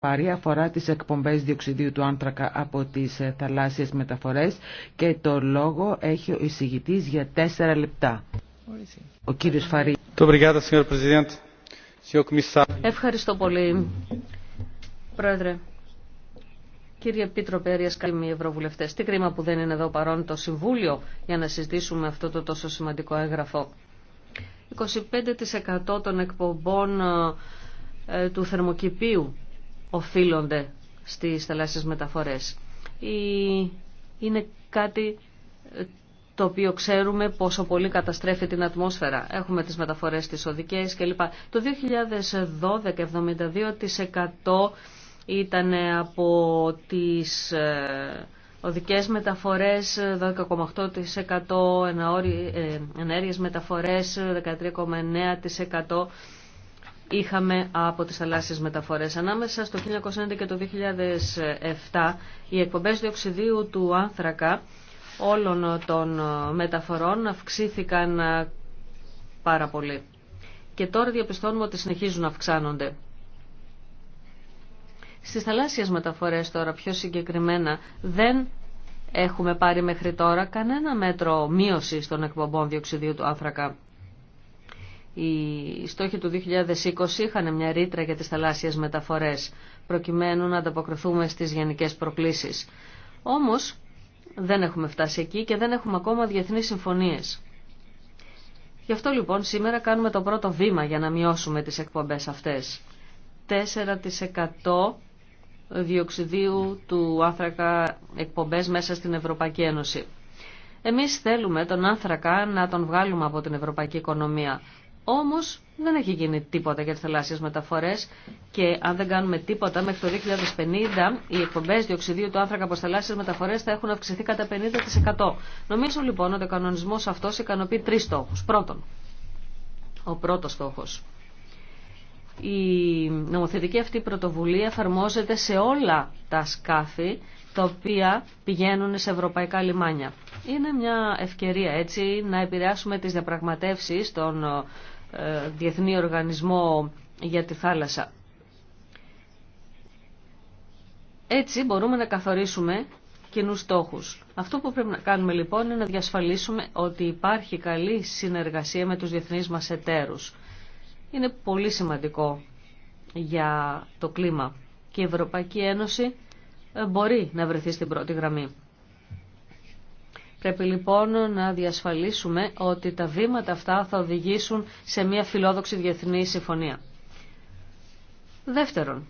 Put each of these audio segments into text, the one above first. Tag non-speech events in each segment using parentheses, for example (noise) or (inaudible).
πάρει αφορά τις εκπομπές διοξιδίου του άνθρακα από τις ε, θαλάσσιες μεταφορές και το λόγο έχει ο εισηγητής για τέσσερα λεπτά. Ο κύριος Φαρή. Ευχαριστώ πολύ, Πρόεδρε. Κύριε Πίτρο Αρία Καλμή, Ευρωβουλευτέ, τι κρίμα που δεν είναι εδώ παρόν το Συμβούλιο για να συζητήσουμε αυτό το τόσο σημαντικό έγγραφο. 25% των εκπομπών ε, ε, του θερμοκηπίου οφείλονται στις θαλάσσιες μεταφορές. Είναι κάτι ε, το οποίο ξέρουμε πόσο πολύ καταστρέφει την ατμόσφαιρα. Έχουμε τις μεταφορές τις οδικές κλπ. Το 2012 72% ήταν ε, από τις ε, οδικές μεταφορές, 12,8% ενέργειες μεταφορές, 13,9% είχαμε από τις θαλάσσιες μεταφορές. Ανάμεσα στο 1990 και το 2007 οι εκπομπές διοξιδίου του άνθρακα όλων των ε, μεταφορών αυξήθηκαν ε, πάρα πολύ. Και τώρα διαπιστώνουμε ότι συνεχίζουν να αυξάνονται. Στις θαλάσσιες μεταφορές τώρα πιο συγκεκριμένα δεν έχουμε πάρει μέχρι τώρα κανένα μέτρο μείωσης των εκπομπών διοξιδίου του άνθρακα. Οι στόχοι του 2020 είχαν μια ρήτρα για τις θαλάσσιες μεταφορές, προκειμένου να ανταποκριθούμε στις γενικές προκλήσεις. Όμως δεν έχουμε φτάσει εκεί και δεν έχουμε ακόμα διεθνείς συμφωνίες. Γι' αυτό λοιπόν σήμερα κάνουμε το πρώτο βήμα για να μειώσουμε τις εκπομπές αυτές. 4% διοξιδίου του άνθρακα εκπομπές μέσα στην Ευρωπαϊκή Ένωση. Εμείς θέλουμε τον άνθρακα να τον βγάλουμε από την ευρωπαϊκή οικονομία. Όμω δεν έχει γίνει τίποτα για τι θαλάσσιε μεταφορέ και αν δεν κάνουμε τίποτα μέχρι το 2050 οι εκπομπέ διοξιδίου του άνθρακα από θαλάσσιε μεταφορέ θα έχουν αυξηθεί κατά 50%. Νομίζω λοιπόν ότι ο κανονισμό αυτό ικανοποιεί τρει στόχου. Πρώτον, ο πρώτο στόχο. Η νομοθετική αυτή πρωτοβουλία εφαρμόζεται σε όλα τα σκάφη τα οποία πηγαίνουν σε ευρωπαϊκά λιμάνια. Είναι μια ευκαιρία έτσι να επηρεάσουμε τις διαπραγματεύσεις των ε, διεθνή Οργανισμό για τη Θάλασσα. Έτσι μπορούμε να καθορίσουμε κοινού στόχου. Αυτό που πρέπει να κάνουμε λοιπόν είναι να διασφαλίσουμε ότι υπάρχει καλή συνεργασία με τους διεθνείς μας εταίρους. Είναι πολύ σημαντικό για το κλίμα και η Ευρωπαϊκή Ένωση ε, μπορεί να βρεθεί στην πρώτη γραμμή. Πρέπει λοιπόν να διασφαλίσουμε ότι τα βήματα αυτά θα οδηγήσουν σε μια φιλόδοξη διεθνή συμφωνία. Δεύτερον,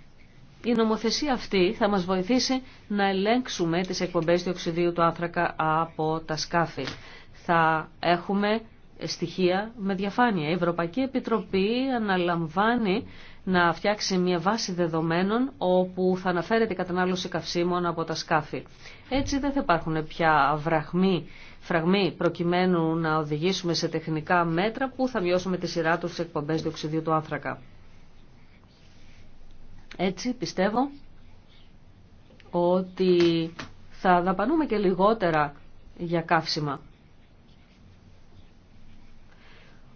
η νομοθεσία αυτή θα μας βοηθήσει να ελέγξουμε τις εκπομπές του οξυδίου του άνθρακα από τα σκάφη. Θα έχουμε στοιχεία με διαφάνεια. Η Ευρωπαϊκή Επιτροπή αναλαμβάνει να φτιάξει μια βάση δεδομένων όπου θα αναφέρεται η κατανάλωση καυσίμων από τα σκάφη. Έτσι δεν θα υπάρχουν πια βραχμοί, φραγμοί προκειμένου να οδηγήσουμε σε τεχνικά μέτρα που θα μειώσουμε τη σειρά τους στις εκπομπές διοξιδίου του άνθρακα. Έτσι πιστεύω ότι θα δαπανούμε και λιγότερα για καύσιμα.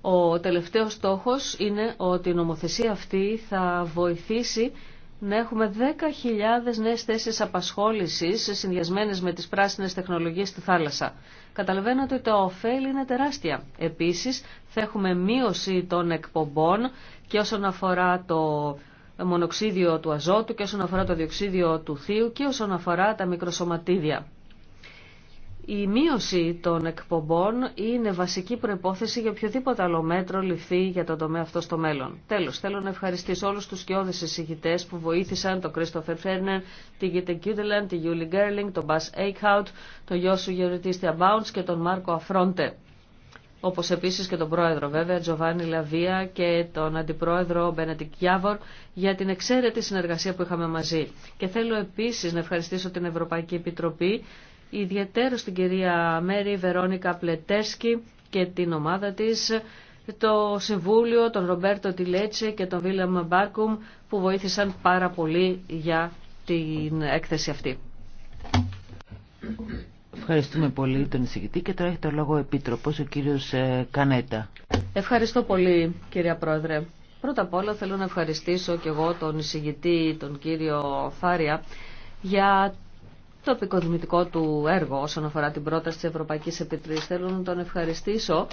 Ο τελευταίος στόχος είναι ότι η νομοθεσία αυτή θα βοηθήσει να έχουμε 10.000 νέες θέσεις απασχόλησης συνδυασμένες με τις πράσινες τεχνολογίες στη θάλασσα. Καταλαβαίνω ότι το ωφέλη είναι τεράστια. Επίσης θα έχουμε μείωση των εκπομπών και όσον αφορά το μονοξίδιο του αζότου και όσον αφορά το διοξίδιο του θείου και όσον αφορά τα μικροσωματίδια. Η μείωση των εκπομπών είναι βασική προπόθεση για οποιοδήποτε άλλο μέτρο ληφθεί για τον τομέα αυτό στο μέλλον. Τέλο, θέλω να ευχαριστήσω όλου του σκιώδει εισηγητέ που βοήθησαν τον Κρίστοφερ Φέρνερ, την Γίτε Κιούτελαν, την Γιούλι Γκέρλινγκ, τον Μπα Έικχαουτ, τον Γιώσου Γεωρητή Μπάουντ και τον Μάρκο Αφρόντε. Όπω επίση και τον πρόεδρο βέβαια, Τζοβάνι Λαβία και τον αντιπρόεδρο Μπενετικ Γιάβορ για την εξαίρετη συνεργασία που είχαμε μαζί. Και θέλω επίση να ευχαριστήσω την Ευρωπαϊκή Επιτροπή ιδιαίτερο στην κυρία Μέρη Βερόνικα Πλετέσκη και την ομάδα της, το Συμβούλιο, τον Ρομπέρτο Τιλέτσε και τον Βίλεμ Μπάρκουμ που βοήθησαν πάρα πολύ για την έκθεση αυτή. Ευχαριστούμε πολύ τον εισηγητή και τώρα έχει το λόγο ο Επίτροπος, ο κύριος ε, Κανέτα. Ευχαριστώ πολύ κυρία Πρόεδρε. Πρώτα απ' όλα θέλω να ευχαριστήσω και εγώ τον εισηγητή, τον κύριο Φάρια, για το επικοδημητικό του έργο όσον αφορά την πρόταση της Ευρωπαϊκής Επιτροπής. Θέλω να τον ευχαριστήσω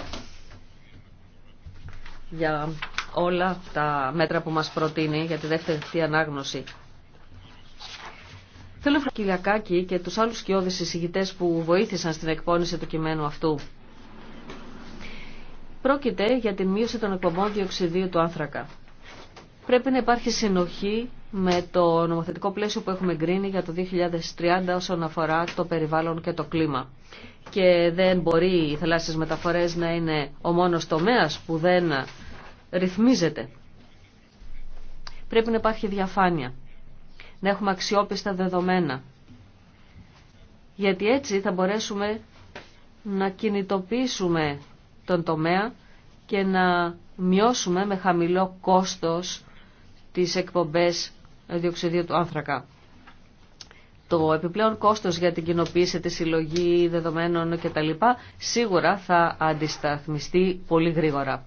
για όλα τα μέτρα που μας προτείνει για τη δεύτερη ανάγνωση. Θέλω να ευχαριστήσω και τους άλλους σκιώδεις εισηγητές που βοήθησαν στην εκπόνηση του κειμένου αυτού. Πρόκειται για την μείωση των εκπομπών διοξιδίου του άνθρακα πρέπει να υπάρχει συνοχή με το νομοθετικό πλαίσιο που έχουμε γκρίνει για το 2030 όσον αφορά το περιβάλλον και το κλίμα. Και δεν μπορεί οι θαλάσσιες μεταφορές να είναι ο μόνος τομέας που δεν ρυθμίζεται. Πρέπει να υπάρχει διαφάνεια, να έχουμε αξιόπιστα δεδομένα. Γιατί έτσι θα μπορέσουμε να κινητοποιήσουμε τον τομέα και να μειώσουμε με χαμηλό κόστος τις εκπομπές διοξιδίου του άνθρακα. Το επιπλέον κόστος για την κοινοποίηση, τη συλλογή δεδομένων κτλ. σίγουρα θα αντισταθμιστεί πολύ γρήγορα.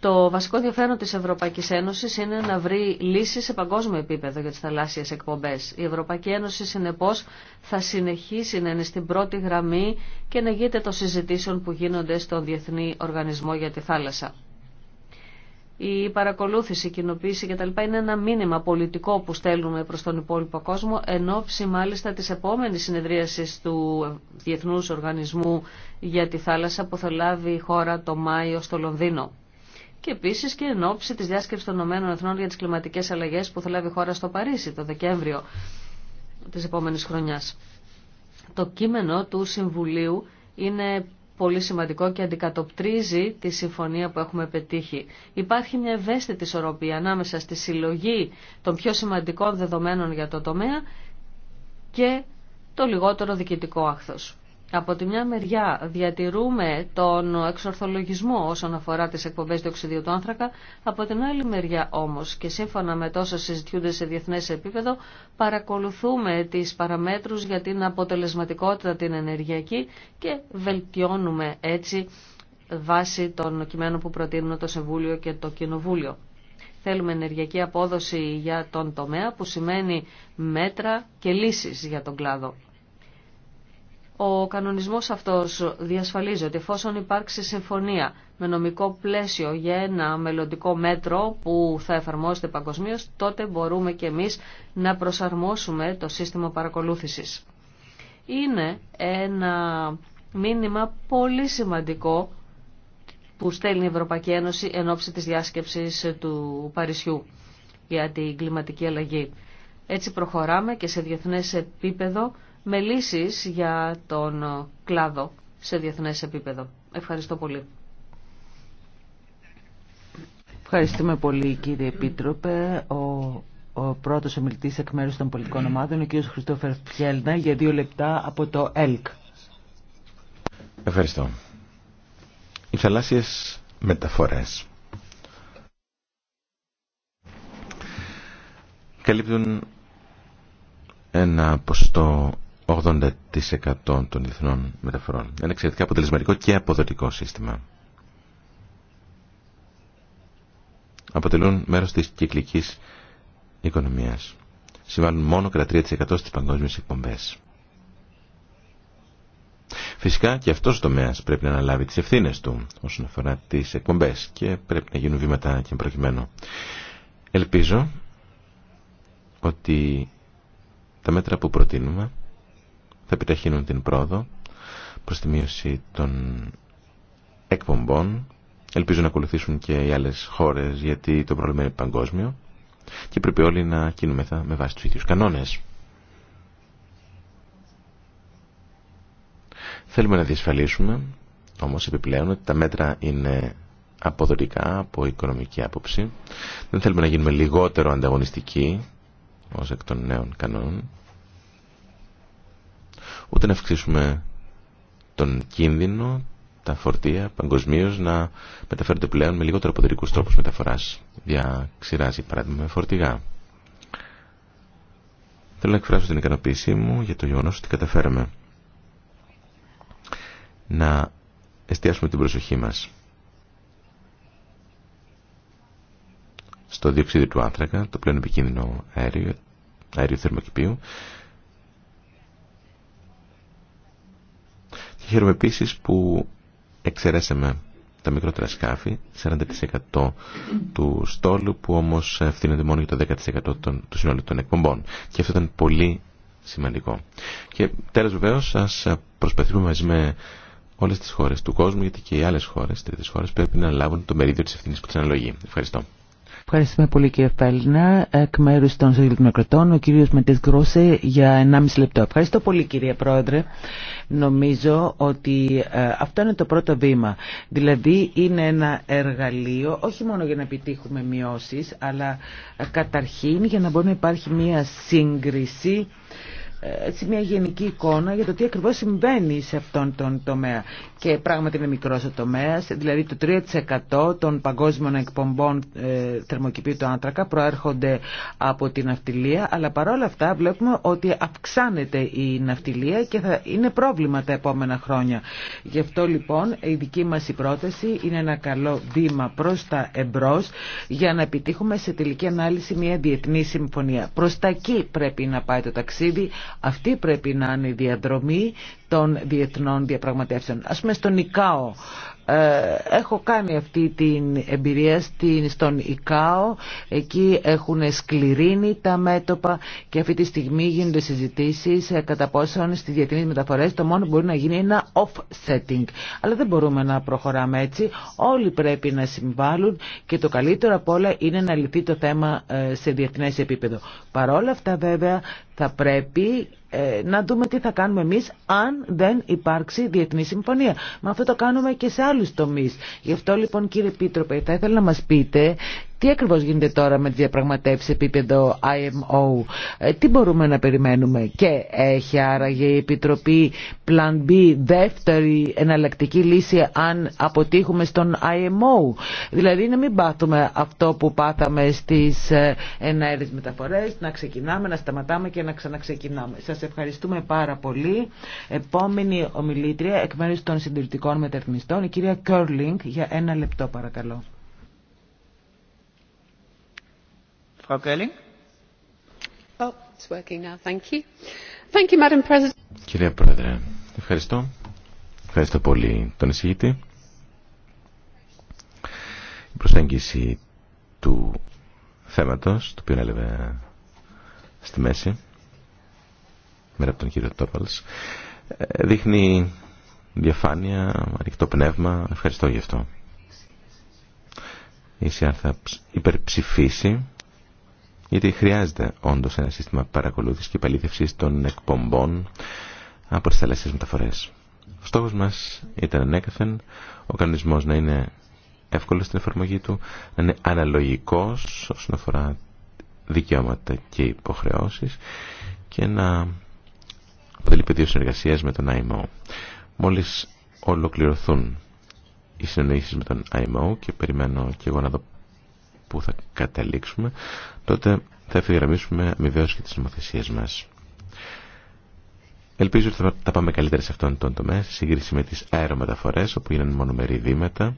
Το βασικό ενδιαφέρον της Ευρωπαϊκής Ένωσης είναι να βρει λύσεις σε παγκόσμιο επίπεδο για τις θαλάσσιες εκπομπές. Η Ευρωπαϊκή Ένωση συνεπώς θα συνεχίσει να είναι στην πρώτη γραμμή και να γίνεται των συζητήσεων που γίνονται στον Διεθνή Οργανισμό για τη Θάλασσα η παρακολούθηση, η κοινοποίηση κτλ. είναι ένα μήνυμα πολιτικό που στέλνουμε προς τον υπόλοιπο κόσμο, εν ώψη μάλιστα της επόμενης συνεδρίασης του Διεθνούς Οργανισμού για τη Θάλασσα που θα λάβει η χώρα το Μάιο στο Λονδίνο. Και επίση και εν ώψη τη διάσκεψη των ΗΠΑ για τι κλιματικέ αλλαγέ που θα λάβει η χώρα στο Παρίσι το Δεκέμβριο τη επόμενη χρονιά. Το κείμενο του Συμβουλίου είναι πολύ σημαντικό και αντικατοπτρίζει τη συμφωνία που έχουμε πετύχει. Υπάρχει μια ευαίσθητη ισορροπία ανάμεσα στη συλλογή των πιο σημαντικών δεδομένων για το τομέα και το λιγότερο διοικητικό άχθος από τη μια μεριά διατηρούμε τον εξορθολογισμό όσον αφορά τις εκπομπές διοξιδίου του άνθρακα, από την άλλη μεριά όμως και σύμφωνα με τόσα συζητιούνται σε διεθνές επίπεδο παρακολουθούμε τις παραμέτρους για την αποτελεσματικότητα την ενεργειακή και βελτιώνουμε έτσι βάσει των κειμένων που προτείνουν το Σεβούλιο και το Κοινοβούλιο. Θέλουμε ενεργειακή απόδοση για τον τομέα που σημαίνει μέτρα και λύσεις για τον κλάδο. Ο κανονισμός αυτός διασφαλίζει ότι εφόσον υπάρξει συμφωνία με νομικό πλαίσιο για ένα μελλοντικό μέτρο που θα εφαρμόζεται παγκοσμίω, τότε μπορούμε και εμείς να προσαρμόσουμε το σύστημα παρακολούθησης. Είναι ένα μήνυμα πολύ σημαντικό που στέλνει η Ευρωπαϊκή Ένωση εν ώψη της διάσκεψης του Παρισιού για την κλιματική αλλαγή. Έτσι προχωράμε και σε διεθνές επίπεδο με λύσεις για τον κλάδο σε διεθνές επίπεδο. Ευχαριστώ πολύ. Ευχαριστούμε πολύ κύριε Επίτροπε. Ο ο πρώτο ομιλητή εκ μέρου των πολιτικών ομάδων, ο κύριος Χριστόφερ Φιέλνα, για δύο λεπτά από το ΕΛΚ. Ευχαριστώ. Οι θαλάσσιε μεταφορέ καλύπτουν ένα ποσοστό 80% των διεθνών μεταφορών. Ένα εξαιρετικά αποτελεσματικό και αποδοτικό σύστημα. Αποτελούν μέρο τη κυκλικής οικονομία. Συμβάλλουν μόνο κατά 3% στι παγκόσμιες εκπομπέ. Φυσικά και αυτό ο τομέας πρέπει να αναλάβει τι ευθύνε του όσον αφορά τι εκπομπέ και πρέπει να γίνουν βήματα και προκειμένου. Ελπίζω ότι τα μέτρα που προτείνουμε θα επιταχύνουν την πρόοδο προς τη μείωση των εκπομπών. Ελπίζω να ακολουθήσουν και οι άλλες χώρες γιατί το πρόβλημα είναι παγκόσμιο και πρέπει όλοι να κινούμεθα με βάση τους ίδιους κανόνες. Θέλουμε να διασφαλίσουμε όμως επιπλέον ότι τα μέτρα είναι αποδοτικά από οικονομική άποψη. Δεν θέλουμε να γίνουμε λιγότερο ανταγωνιστικοί ως εκ των νέων κανόνων ούτε να αυξήσουμε τον κίνδυνο τα φορτία παγκοσμίω να μεταφέρονται πλέον με λιγότερο μεταφοράς, τρόπου μεταφορά. για παράδειγμα με φορτηγά. Θέλω να εκφράσω την ικανοποίησή μου για το γεγονό ότι καταφέραμε να εστιάσουμε την προσοχή μας στο διοξείδιο του άνθρακα, το πλέον επικίνδυνο αέριο, αέριο θερμοκηπίου, Χαίρομαι επίση που εξαιρέσαμε τα μικρότερα σκάφη, 40% του στόλου που όμως ευθύνεται μόνο για το 10% του συνόλου των εκπομπών. Και αυτό ήταν πολύ σημαντικό. Και τέλος βεβαίω α προσπαθούμε μαζί με όλες τις χώρες του κόσμου, γιατί και οι άλλες χώρες, τρίτε χώρες, πρέπει να λάβουν το μερίδιο της ευθύνης που τι αναλογεί. Ευχαριστώ. Ευχαριστούμε πολύ κύριε Φέλνα. Εκ μέρου των Σοσιαλδημοκρατών, ο κύριο Μετέ Γκρόσε για 1,5 λεπτό. Ευχαριστώ πολύ κύριε Πρόεδρε. Νομίζω ότι ε, αυτό είναι το πρώτο βήμα. Δηλαδή είναι ένα εργαλείο όχι μόνο για να επιτύχουμε μειώσει, αλλά ε, καταρχήν για να μπορεί να υπάρχει μια σύγκριση έτσι μια γενική εικόνα για το τι ακριβώς συμβαίνει σε αυτόν τον τομέα. Και πράγματι είναι μικρός ο τομέας, δηλαδή το 3% των παγκόσμιων εκπομπών ε, θερμοκηπίου του άνθρακα προέρχονται από την ναυτιλία, αλλά παρόλα αυτά βλέπουμε ότι αυξάνεται η ναυτιλία και θα είναι πρόβλημα τα επόμενα χρόνια. Γι' αυτό λοιπόν η δική μας η πρόταση είναι ένα καλό βήμα προς τα εμπρός για να επιτύχουμε σε τελική ανάλυση μια διεθνή συμφωνία. Προς τα εκεί πρέπει να πάει το ταξίδι, αυτή πρέπει να είναι η διαδρομή των διεθνών διαπραγματεύσεων. Ας πούμε στον ΙΚΑΟ. Ε, έχω κάνει αυτή την εμπειρία στην, στον ΙΚΑΟ. Εκεί έχουν σκληρύνει τα μέτωπα και αυτή τη στιγμή γίνονται συζητήσεις ε, κατά πόσον στις διεθνείς μεταφορές το μόνο που μπορεί να γίνει είναι ένα offsetting. Αλλά δεν μπορούμε να προχωράμε έτσι. Όλοι πρέπει να συμβάλλουν και το καλύτερο απ' όλα είναι να λυθεί το θέμα ε, σε διεθνές επίπεδο. Παρόλα αυτά βέβαια θα πρέπει ε, να δούμε τι θα κάνουμε εμείς αν δεν υπάρξει διεθνή συμφωνία. Μα αυτό το κάνουμε και σε άλλους τομείς. Γι' αυτό λοιπόν κύριε Πίτροπε θα ήθελα να μας πείτε τι ακριβώς γίνεται τώρα με τη διαπραγματεύση επίπεδο IMO, ε, τι μπορούμε να περιμένουμε και έχει άραγε η Επιτροπή Plan B δεύτερη εναλλακτική λύση αν αποτύχουμε στον IMO. Δηλαδή να μην πάθουμε αυτό που πάθαμε στις ε, εναέρες μεταφορές, να ξεκινάμε, να σταματάμε και να ξαναξεκινάμε. Σας ευχαριστούμε πάρα πολύ. Επόμενη ομιλήτρια εκ μέρους των συντηρητικών μεταρρυθμιστών, η κυρία Κέρλινγκ για ένα λεπτό παρακαλώ. Κυρία Πρόεδρε, ευχαριστώ. Ευχαριστώ πολύ τον εισηγητή. Η προσέγγιση του θέματος, το οποίο έλεγε στη μέση, μέρα από τον κύριο Τόπαλς, ε, δείχνει διαφάνεια, ανοιχτό πνεύμα. Ευχαριστώ γι' αυτό. Η ΣΥΑΡ θα υπερψηφίσει γιατί χρειάζεται όντω ένα σύστημα παρακολούθησης και επαλήθευσή των εκπομπών από τι θαλασσίες μεταφορέ. Ο στόχο μας ήταν ανέκαθεν ο κανονισμός να είναι εύκολος στην εφαρμογή του, να είναι αναλογικός όσον αφορά δικαιώματα και υποχρεώσεις και να αποτελεί πεδίο συνεργασία με τον IMO. Μόλι ολοκληρωθούν οι συνεννοήσει με τον IMO και περιμένω και εγώ να δω που θα καταλήξουμε, τότε θα ευθυγραμμίσουμε αμοιβαίω και τι νομοθεσίε μα. Ελπίζω ότι θα τα πάμε καλύτερα σε αυτόν τον τομέα, σε σύγκριση με τι αερομεταφορέ, όπου είναι μονομερή βήματα.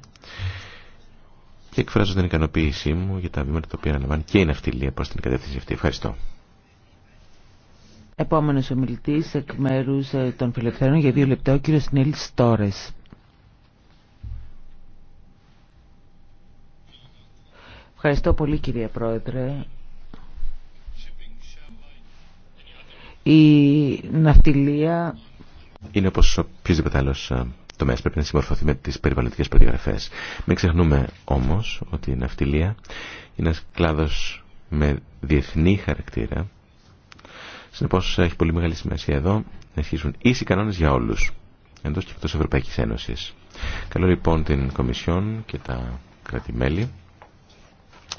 Και εκφράζω την ικανοποίησή μου για τα βήματα τα οποία αναλαμβάνει και η ναυτιλία προ την κατεύθυνση αυτή. Ευχαριστώ. Επόμενος ομιλητής εκ μέρου ε, των φιλελευθέρων για δύο λεπτά, ο κύριο Νίλ Τόρε. Ευχαριστώ πολύ κύριε Πρόεδρε. Η ναυτιλία... Είναι όπως οποιοδήποτε άλλος ε, τομέας πρέπει να συμμορφωθεί με τις περιβαλλοντικές προδιαγραφές. Μην ξεχνούμε όμως ότι η ναυτιλία είναι ένας κλάδος με διεθνή χαρακτήρα. Συνεπώς έχει πολύ μεγάλη σημασία εδώ να ισχύσουν ίσοι κανόνες για όλους εντός και εκτός Ευρωπαϊκής Ένωσης. Καλό λοιπόν την Κομισιόν και τα κράτη-μέλη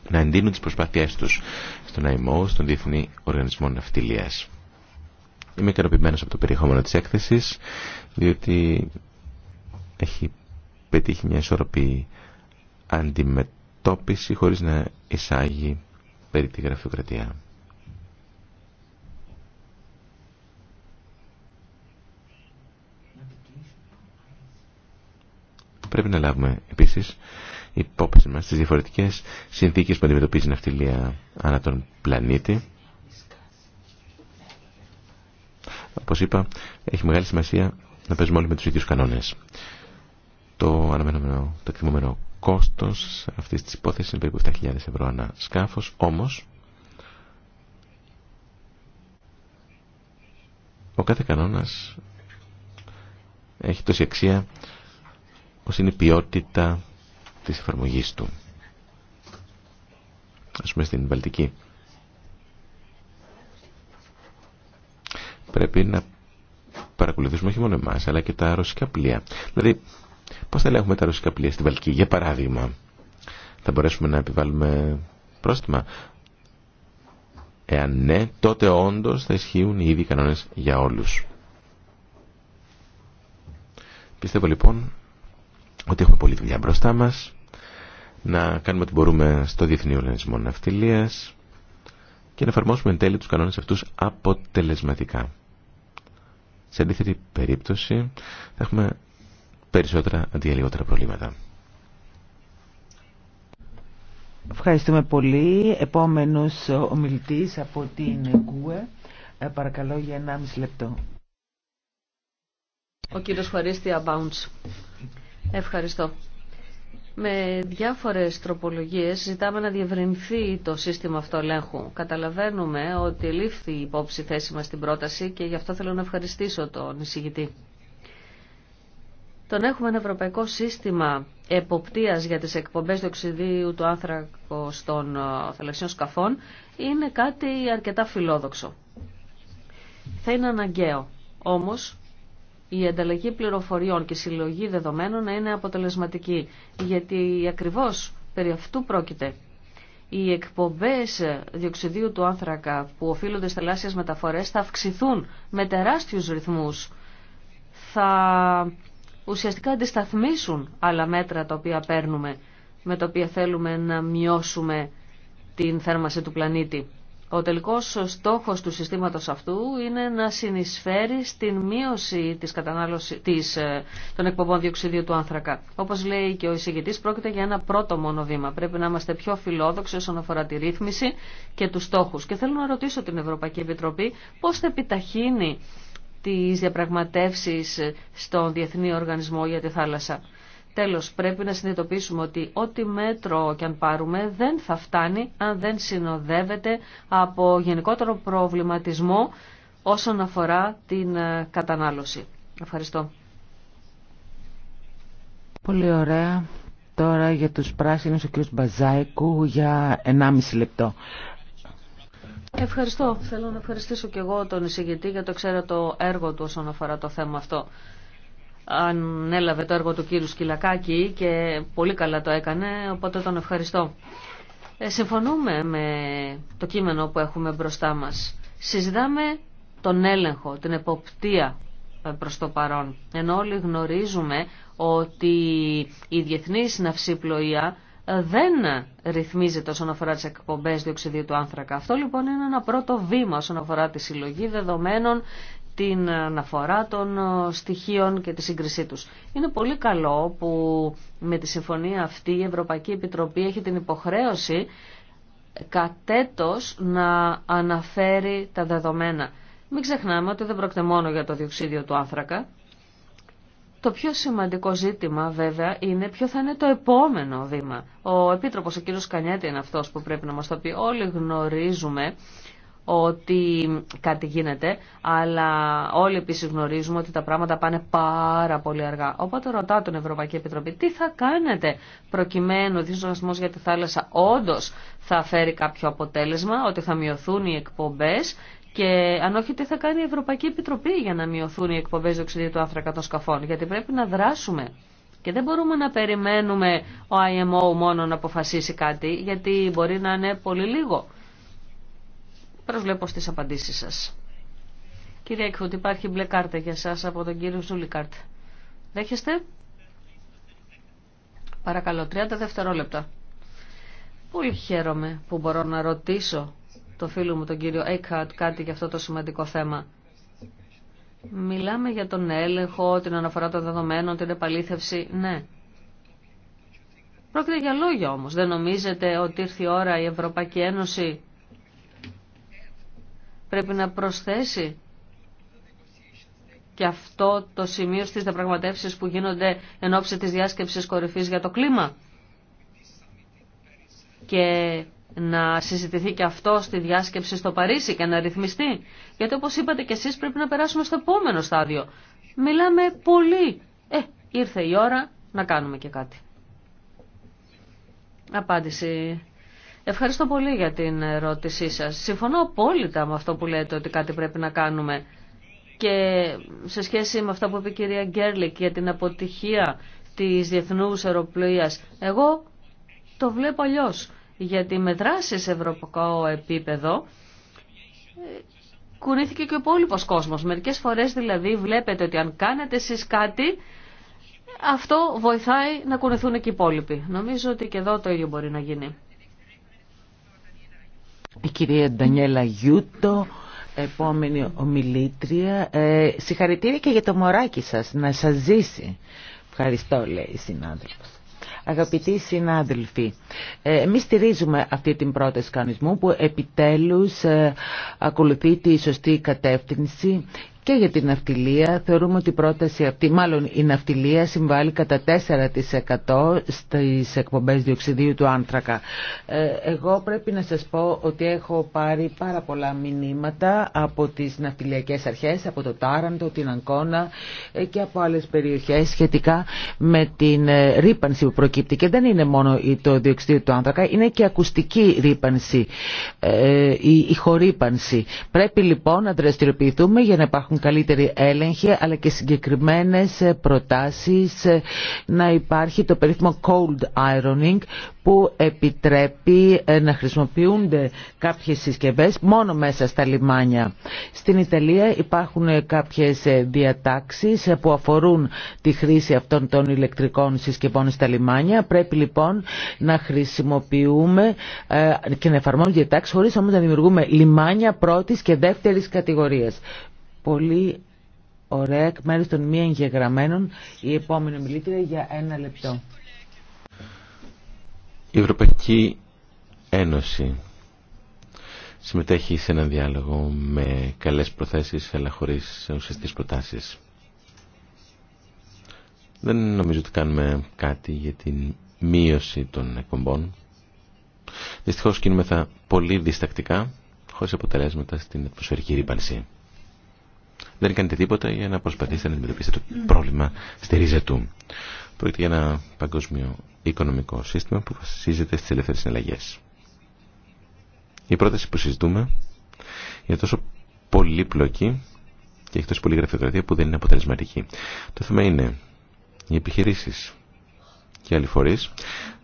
να εντείνουν τις προσπάθειές τους στον ΑΕΜΟ, στον Διεθνή Οργανισμό Ναυτιλίας. Είμαι ικανοποιημένος από το περιεχόμενο της έκθεσης, διότι έχει πετύχει μια ισορροπή αντιμετώπιση χωρίς να εισάγει περί τη γραφειοκρατία. Πρέπει να λάβουμε επίσης υπόψη μας τις διαφορετικές συνθήκες που αντιμετωπίζει η ναυτιλία ανά τον πλανήτη. Όπως είπα, έχει μεγάλη σημασία να παίζουμε όλοι με τους ίδιους κανόνες. Το αναμενόμενο, το εκτιμούμενο κόστος αυτής της υπόθεσης είναι περίπου 7.000 ευρώ ανά σκάφος, όμως ο κάθε κανόνας έχει τόση αξία ως είναι η ποιότητα της εφαρμογής του. Ας πούμε στην Βαλτική. Πρέπει να παρακολουθήσουμε όχι μόνο εμάς, αλλά και τα ρωσικά πλοία. Δηλαδή, πώς θα ελέγχουμε τα ρωσικά πλοία στην Βαλτική, για παράδειγμα. Θα μπορέσουμε να επιβάλλουμε πρόστιμα. Εάν ναι, τότε όντως θα ισχύουν οι ίδιοι κανόνες για όλους. Πιστεύω λοιπόν ότι έχουμε πολλή δουλειά μπροστά μας, να κάνουμε ό,τι μπορούμε στο Διεθνή Οργανισμό Ναυτιλίας και να εφαρμόσουμε εν τέλει τους κανόνες αυτούς αποτελεσματικά. Σε αντίθετη περίπτωση θα έχουμε περισσότερα αντί λιγότερα προβλήματα. Ευχαριστούμε πολύ. Επόμενος ομιλητής από την ΚΟΕ. Ε, παρακαλώ για 1,5 λεπτό. Ο κύριο Χωρίστη Ευχαριστώ. Με διάφορες τροπολογίες ζητάμε να διευρυνθεί το σύστημα αυτοελέγχου. Καταλαβαίνουμε ότι λήφθη η υπόψη θέση μας στην πρόταση και γι' αυτό θέλω να ευχαριστήσω τον εισηγητή. Τον έχουμε ένα ευρωπαϊκό σύστημα εποπτείας για τις εκπομπές του του άνθρακου των ε, θαλασσιών σκαφών είναι κάτι αρκετά φιλόδοξο. Θα είναι αναγκαίο. Όμως η ανταλλαγή πληροφοριών και συλλογή δεδομένων να είναι αποτελεσματική. Γιατί ακριβώς περί αυτού πρόκειται. Οι εκπομπές διοξιδίου του άνθρακα που οφείλονται στις θαλάσσιες μεταφορές θα αυξηθούν με τεράστιους ρυθμούς. Θα ουσιαστικά αντισταθμίσουν άλλα μέτρα τα οποία παίρνουμε, με τα οποία θέλουμε να μειώσουμε την θέρμανση του πλανήτη. Ο τελικός στόχος του συστήματος αυτού είναι να συνεισφέρει στην μείωση της κατανάλωσης, ε, των εκπομπών διοξιδίου του άνθρακα. Όπως λέει και ο εισηγητής, πρόκειται για ένα πρώτο μόνο βήμα. Πρέπει να είμαστε πιο φιλόδοξοι όσον αφορά τη ρύθμιση και τους στόχους. Και θέλω να ρωτήσω την Ευρωπαϊκή Επιτροπή πώς θα επιταχύνει τις διαπραγματεύσεις στον Διεθνή Οργανισμό για τη Θάλασσα. Τέλος, πρέπει να συνειδητοποιήσουμε ότι ό,τι μέτρο και αν πάρουμε δεν θα φτάνει αν δεν συνοδεύεται από γενικότερο προβληματισμό όσον αφορά την ε, κατανάλωση. Ευχαριστώ. Πολύ ωραία. Τώρα για τους πράσινους ο κ. Μπαζάικου για 1,5 λεπτό. Ευχαριστώ. Θέλω να ευχαριστήσω και εγώ τον εισηγητή για το ξέρω το έργο του όσον αφορά το θέμα αυτό έλαβε το έργο του κύριου Σκυλακάκη και πολύ καλά το έκανε, οπότε τον ευχαριστώ. Ε, συμφωνούμε με το κείμενο που έχουμε μπροστά μας. Συζητάμε τον έλεγχο, την εποπτεία ε, προς το παρόν. Ενώ όλοι γνωρίζουμε ότι η διεθνή ναυσιπλοεία ε, δεν ρυθμίζεται όσον αφορά τις εκπομπές διοξιδίου του άνθρακα. Αυτό λοιπόν είναι ένα πρώτο βήμα όσον αφορά τη συλλογή δεδομένων την αναφορά των ε, στοιχείων και τη σύγκρισή τους. Είναι πολύ καλό που με τη συμφωνία αυτή η Ευρωπαϊκή Επιτροπή έχει την υποχρέωση κατέτος να αναφέρει τα δεδομένα. Μην ξεχνάμε ότι δεν πρόκειται μόνο για το διοξίδιο του άνθρακα. Το πιο σημαντικό ζήτημα βέβαια είναι ποιο θα είναι το επόμενο βήμα. Ο Επίτροπος, ο κύριος Κανιέτη είναι αυτός που πρέπει να μας το πει. Όλοι γνωρίζουμε ότι κάτι γίνεται, αλλά όλοι επίση γνωρίζουμε ότι τα πράγματα πάνε πάρα πολύ αργά. Οπότε ρωτάω τον Ευρωπαϊκή Επιτροπή, τι θα κάνετε προκειμένου ότι ο για τη θάλασσα όντω θα φέρει κάποιο αποτέλεσμα, ότι θα μειωθούν οι εκπομπέ και αν όχι, τι θα κάνει η Ευρωπαϊκή Επιτροπή για να μειωθούν οι εκπομπέ δοξιδίου του άνθρακα των σκαφών. Γιατί πρέπει να δράσουμε. Και δεν μπορούμε να περιμένουμε ο IMO μόνο να αποφασίσει κάτι, γιατί μπορεί να είναι πολύ λίγο. Προσβλέπω στις απαντήσεις σας. Κύριε Έκχουτ, υπάρχει μπλε κάρτα για σας από τον κύριο Ζούλικαρτ. Δέχεστε. Παρακαλώ, 30 δευτερόλεπτα. Πολύ χαίρομαι που μπορώ να ρωτήσω τον φίλο μου τον κύριο Έκχατ κάτι για αυτό το σημαντικό θέμα. Μιλάμε για τον έλεγχο, την αναφορά των δεδομένων, την επαλήθευση. Ναι. Πρόκειται για λόγια όμως. Δεν νομίζετε ότι ήρθε η ώρα η Ευρωπαϊκή Ένωση πρέπει να προσθέσει και αυτό το σημείο στις διαπραγματεύσεις που γίνονται εν ώψη της διάσκεψης κορυφής για το κλίμα και να συζητηθεί και αυτό στη διάσκεψη στο Παρίσι και να ρυθμιστεί. Γιατί όπως είπατε και εσείς πρέπει να περάσουμε στο επόμενο στάδιο. Μιλάμε πολύ. Ε, ήρθε η ώρα να κάνουμε και κάτι. Απάντηση Ευχαριστώ πολύ για την ερώτησή σας. Συμφωνώ απόλυτα με αυτό που λέτε ότι κάτι πρέπει να κάνουμε. Και σε σχέση με αυτά που είπε η κυρία Γκέρλικ για την αποτυχία της διεθνούς αεροπλοείας, εγώ το βλέπω αλλιώ. Γιατί με δράσει σε ευρωπαϊκό επίπεδο κουνήθηκε και ο υπόλοιπο κόσμος. Μερικές φορές δηλαδή βλέπετε ότι αν κάνετε εσείς κάτι, αυτό βοηθάει να κουνηθούν και οι υπόλοιποι. Νομίζω ότι και εδώ το ίδιο μπορεί να γίνει. Η κυρία Ντανιέλα Γιούτο, επόμενη ομιλήτρια. Ε, συγχαρητήρια και για το μωράκι σας, να σας ζήσει. Ευχαριστώ, λέει η συνάδελφος. Αγαπητοί συνάδελφοι, ε, εμείς στηρίζουμε αυτή την πρόταση κανονισμού που επιτέλους ε, ακολουθεί τη σωστή κατεύθυνση και για την ναυτιλία. Θεωρούμε ότι η πρόταση αυτή, μάλλον η ναυτιλία συμβάλλει κατά 4% στις εκπομπές διοξιδίου του άνθρακα. Ε, εγώ πρέπει να σας πω ότι έχω πάρει πάρα πολλά μηνύματα από τις ναυτιλιακές αρχές, από το Τάραντο, την Αγκώνα ε, και από άλλες περιοχές σχετικά με την ε, ρήπανση που προκύπτει. Και δεν είναι μόνο το διοξιδίου του άνθρακα, είναι και ακουστική ρήπανση, η χορύπανση. Πρέπει λοιπόν να δραστηριοποιηθούμε για να υπάρχουν καλύτερη έλεγχη αλλά και συγκεκριμένες προτάσεις ε, να υπάρχει το περίφημο cold ironing που επιτρέπει ε, να χρησιμοποιούνται κάποιες συσκευές μόνο μέσα στα λιμάνια. Στην Ιταλία υπάρχουν ε, κάποιες διατάξεις που αφορούν τη χρήση αυτών των ηλεκτρικών συσκευών στα λιμάνια. Πρέπει λοιπόν να χρησιμοποιούμε και να εφαρμόζουμε διατάξεις χωρίς όμως να δημιουργούμε λιμάνια πρώτης και δεύτερης κατηγορίας. Πολύ ωραία, εκ μέρους των μη εγγεγραμμένων, η επόμενη μιλήτρια για ένα λεπτό. Η Ευρωπαϊκή Ένωση συμμετέχει σε έναν διάλογο με καλές προθέσεις αλλά χωρίς ουσιαστικές προτάσεις. Δεν νομίζω ότι κάνουμε κάτι για την μείωση των εκπομπών. Δυστυχώς κινούμεθα πολύ διστακτικά χωρίς αποτελέσματα στην ατμοσφαιρική ρήπανση δεν κάνετε τίποτα για να προσπαθήσετε να αντιμετωπίσετε το πρόβλημα στη ρίζα του. Πρόκειται για ένα παγκόσμιο οικονομικό σύστημα που βασίζεται στι ελεύθερε συναλλαγέ. Η πρόταση που συζητούμε είναι τόσο πολύπλοκη και έχει τόσο πολύ γραφειοκρατία που δεν είναι αποτελεσματική. Το θέμα είναι οι επιχειρήσει και άλλοι φορεί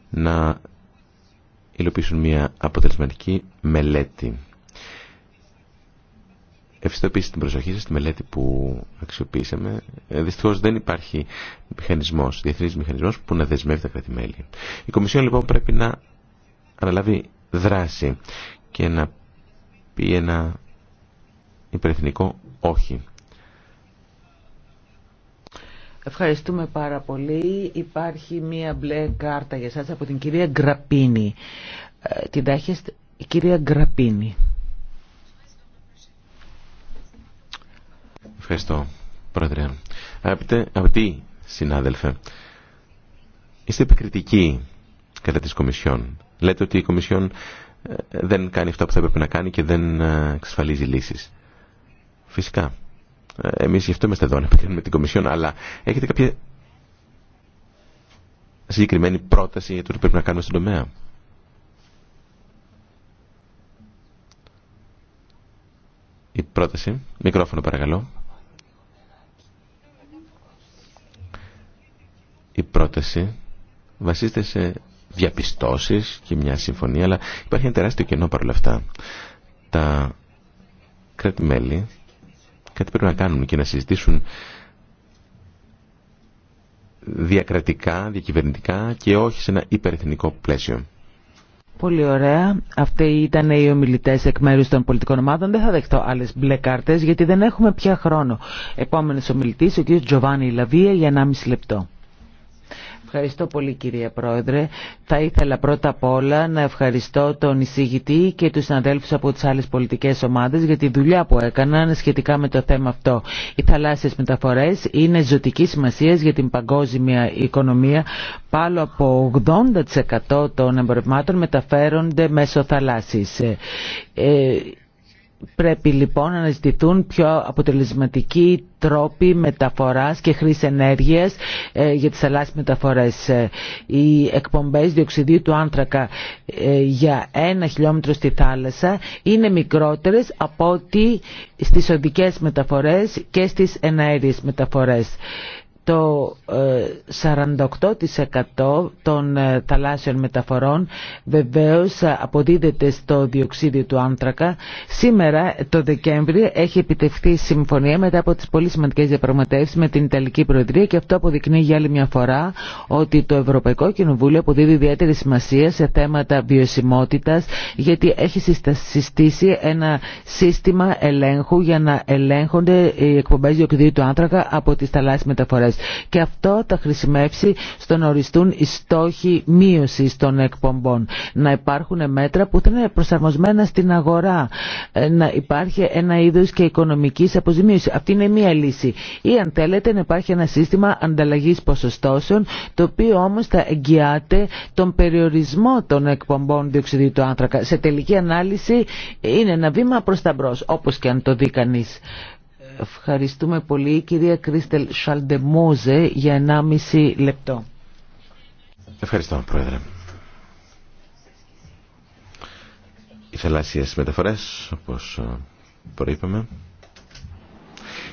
να υλοποιήσουν μια αποτελεσματική μελέτη επίση την προσοχή σας στη μελέτη που αξιοποιήσαμε. Ε, δυστυχώς δεν υπάρχει μηχανισμό, διεθνή μηχανισμό που να δεσμεύει τα κράτη-μέλη. Η Κομισιόν λοιπόν πρέπει να αναλάβει δράση και να πει ένα υπερεθνικό όχι. Ευχαριστούμε πάρα πολύ. Υπάρχει μία μπλε κάρτα για σας από την κυρία Γκραπίνη. Ε, την τάχεστε, η κυρία Γκραπίνη. Ευχαριστώ, Πρόεδρε. Αγαπητέ, αγαπητοί συνάδελφε, είστε επικριτικοί κατά της Κομισιόν. Λέτε ότι η Κομισιόν ε, δεν κάνει αυτό που θα έπρεπε να κάνει και δεν ε, εξασφαλίζει λύσεις. Φυσικά. Ε, εμείς γι' αυτό είμαστε εδώ να επικρίνουμε την Κομισιόν, αλλά έχετε κάποια συγκεκριμένη πρόταση για το τι πρέπει να κάνουμε στον τομέα. Η πρόταση. Μικρόφωνο παρακαλώ. η πρόταση βασίζεται σε διαπιστώσεις και μια συμφωνία, αλλά υπάρχει ένα τεράστιο κενό παρόλα αυτά. Τα κράτη-μέλη κάτι πρέπει να κάνουν και να συζητήσουν διακρατικά, διακυβερνητικά και όχι σε ένα υπερεθνικό πλαίσιο. Πολύ ωραία. Αυτοί ήταν οι ομιλητέ εκ μέρου των πολιτικών ομάδων. Δεν θα δεχτώ άλλε μπλε κάρτε γιατί δεν έχουμε πια χρόνο. Επόμενο ομιλητή, ο κ. Τζοβάνι Λαβία, για 1,5 λεπτό. Ευχαριστώ πολύ κυρία Πρόεδρε. Θα ήθελα πρώτα απ' όλα να ευχαριστώ τον εισηγητή και τους συναδέλφους από τις άλλες πολιτικές ομάδες για τη δουλειά που έκαναν σχετικά με το θέμα αυτό. Οι θαλάσσιες μεταφορές είναι ζωτική σημασία για την παγκόσμια οικονομία. Πάλο από 80% των εμπορευμάτων μεταφέρονται μέσω θαλάσσης. Ε, Πρέπει λοιπόν να αναζητηθούν πιο αποτελεσματικοί τρόποι μεταφοράς και χρήση ενέργειας ε, για τις θαλάσσιες μεταφορές. Ε, οι εκπομπές διοξιδίου του άνθρακα ε, για ένα χιλιόμετρο στη θάλασσα είναι μικρότερες από ό,τι στις οδικές μεταφορές και στις εναέριες μεταφορές το 48% ε, των ε, θαλάσσιων μεταφορών βεβαίως αποδίδεται στο διοξίδιο του άνθρακα. Σήμερα το Δεκέμβρη έχει επιτευχθεί συμφωνία μετά από τις πολύ σημαντικές διαπραγματεύσεις με την Ιταλική Προεδρία και αυτό αποδεικνύει για άλλη μια φορά ότι το Ευρωπαϊκό Κοινοβούλιο αποδίδει ιδιαίτερη σημασία σε θέματα βιωσιμότητας γιατί έχει συστήσει ένα σύστημα ελέγχου για να ελέγχονται οι εκπομπές διοξιδίου του άνθρακα από τις θαλάσσιες μεταφορές και αυτό θα χρησιμεύσει στο να οριστούν οι στόχοι μείωσης των εκπομπών. Να υπάρχουν μέτρα που θα είναι προσαρμοσμένα στην αγορά. Ε, να υπάρχει ένα είδος και οικονομικής αποζημίωσης. Αυτή είναι μία λύση. Ή αν θέλετε να υπάρχει ένα σύστημα ανταλλαγής ποσοστώσεων το οποίο όμως θα εγγυάται τον περιορισμό των εκπομπών διοξιδίου του άνθρακα. Σε τελική ανάλυση είναι ένα βήμα προς τα μπρος όπως και αν το δει κανείς. Ευχαριστούμε πολύ κυρία Κρίστελ Σαλντεμόζε για 1,5 λεπτό. Ευχαριστώ Πρόεδρε. Οι θαλάσσιες μεταφορές, όπως ε, προείπαμε,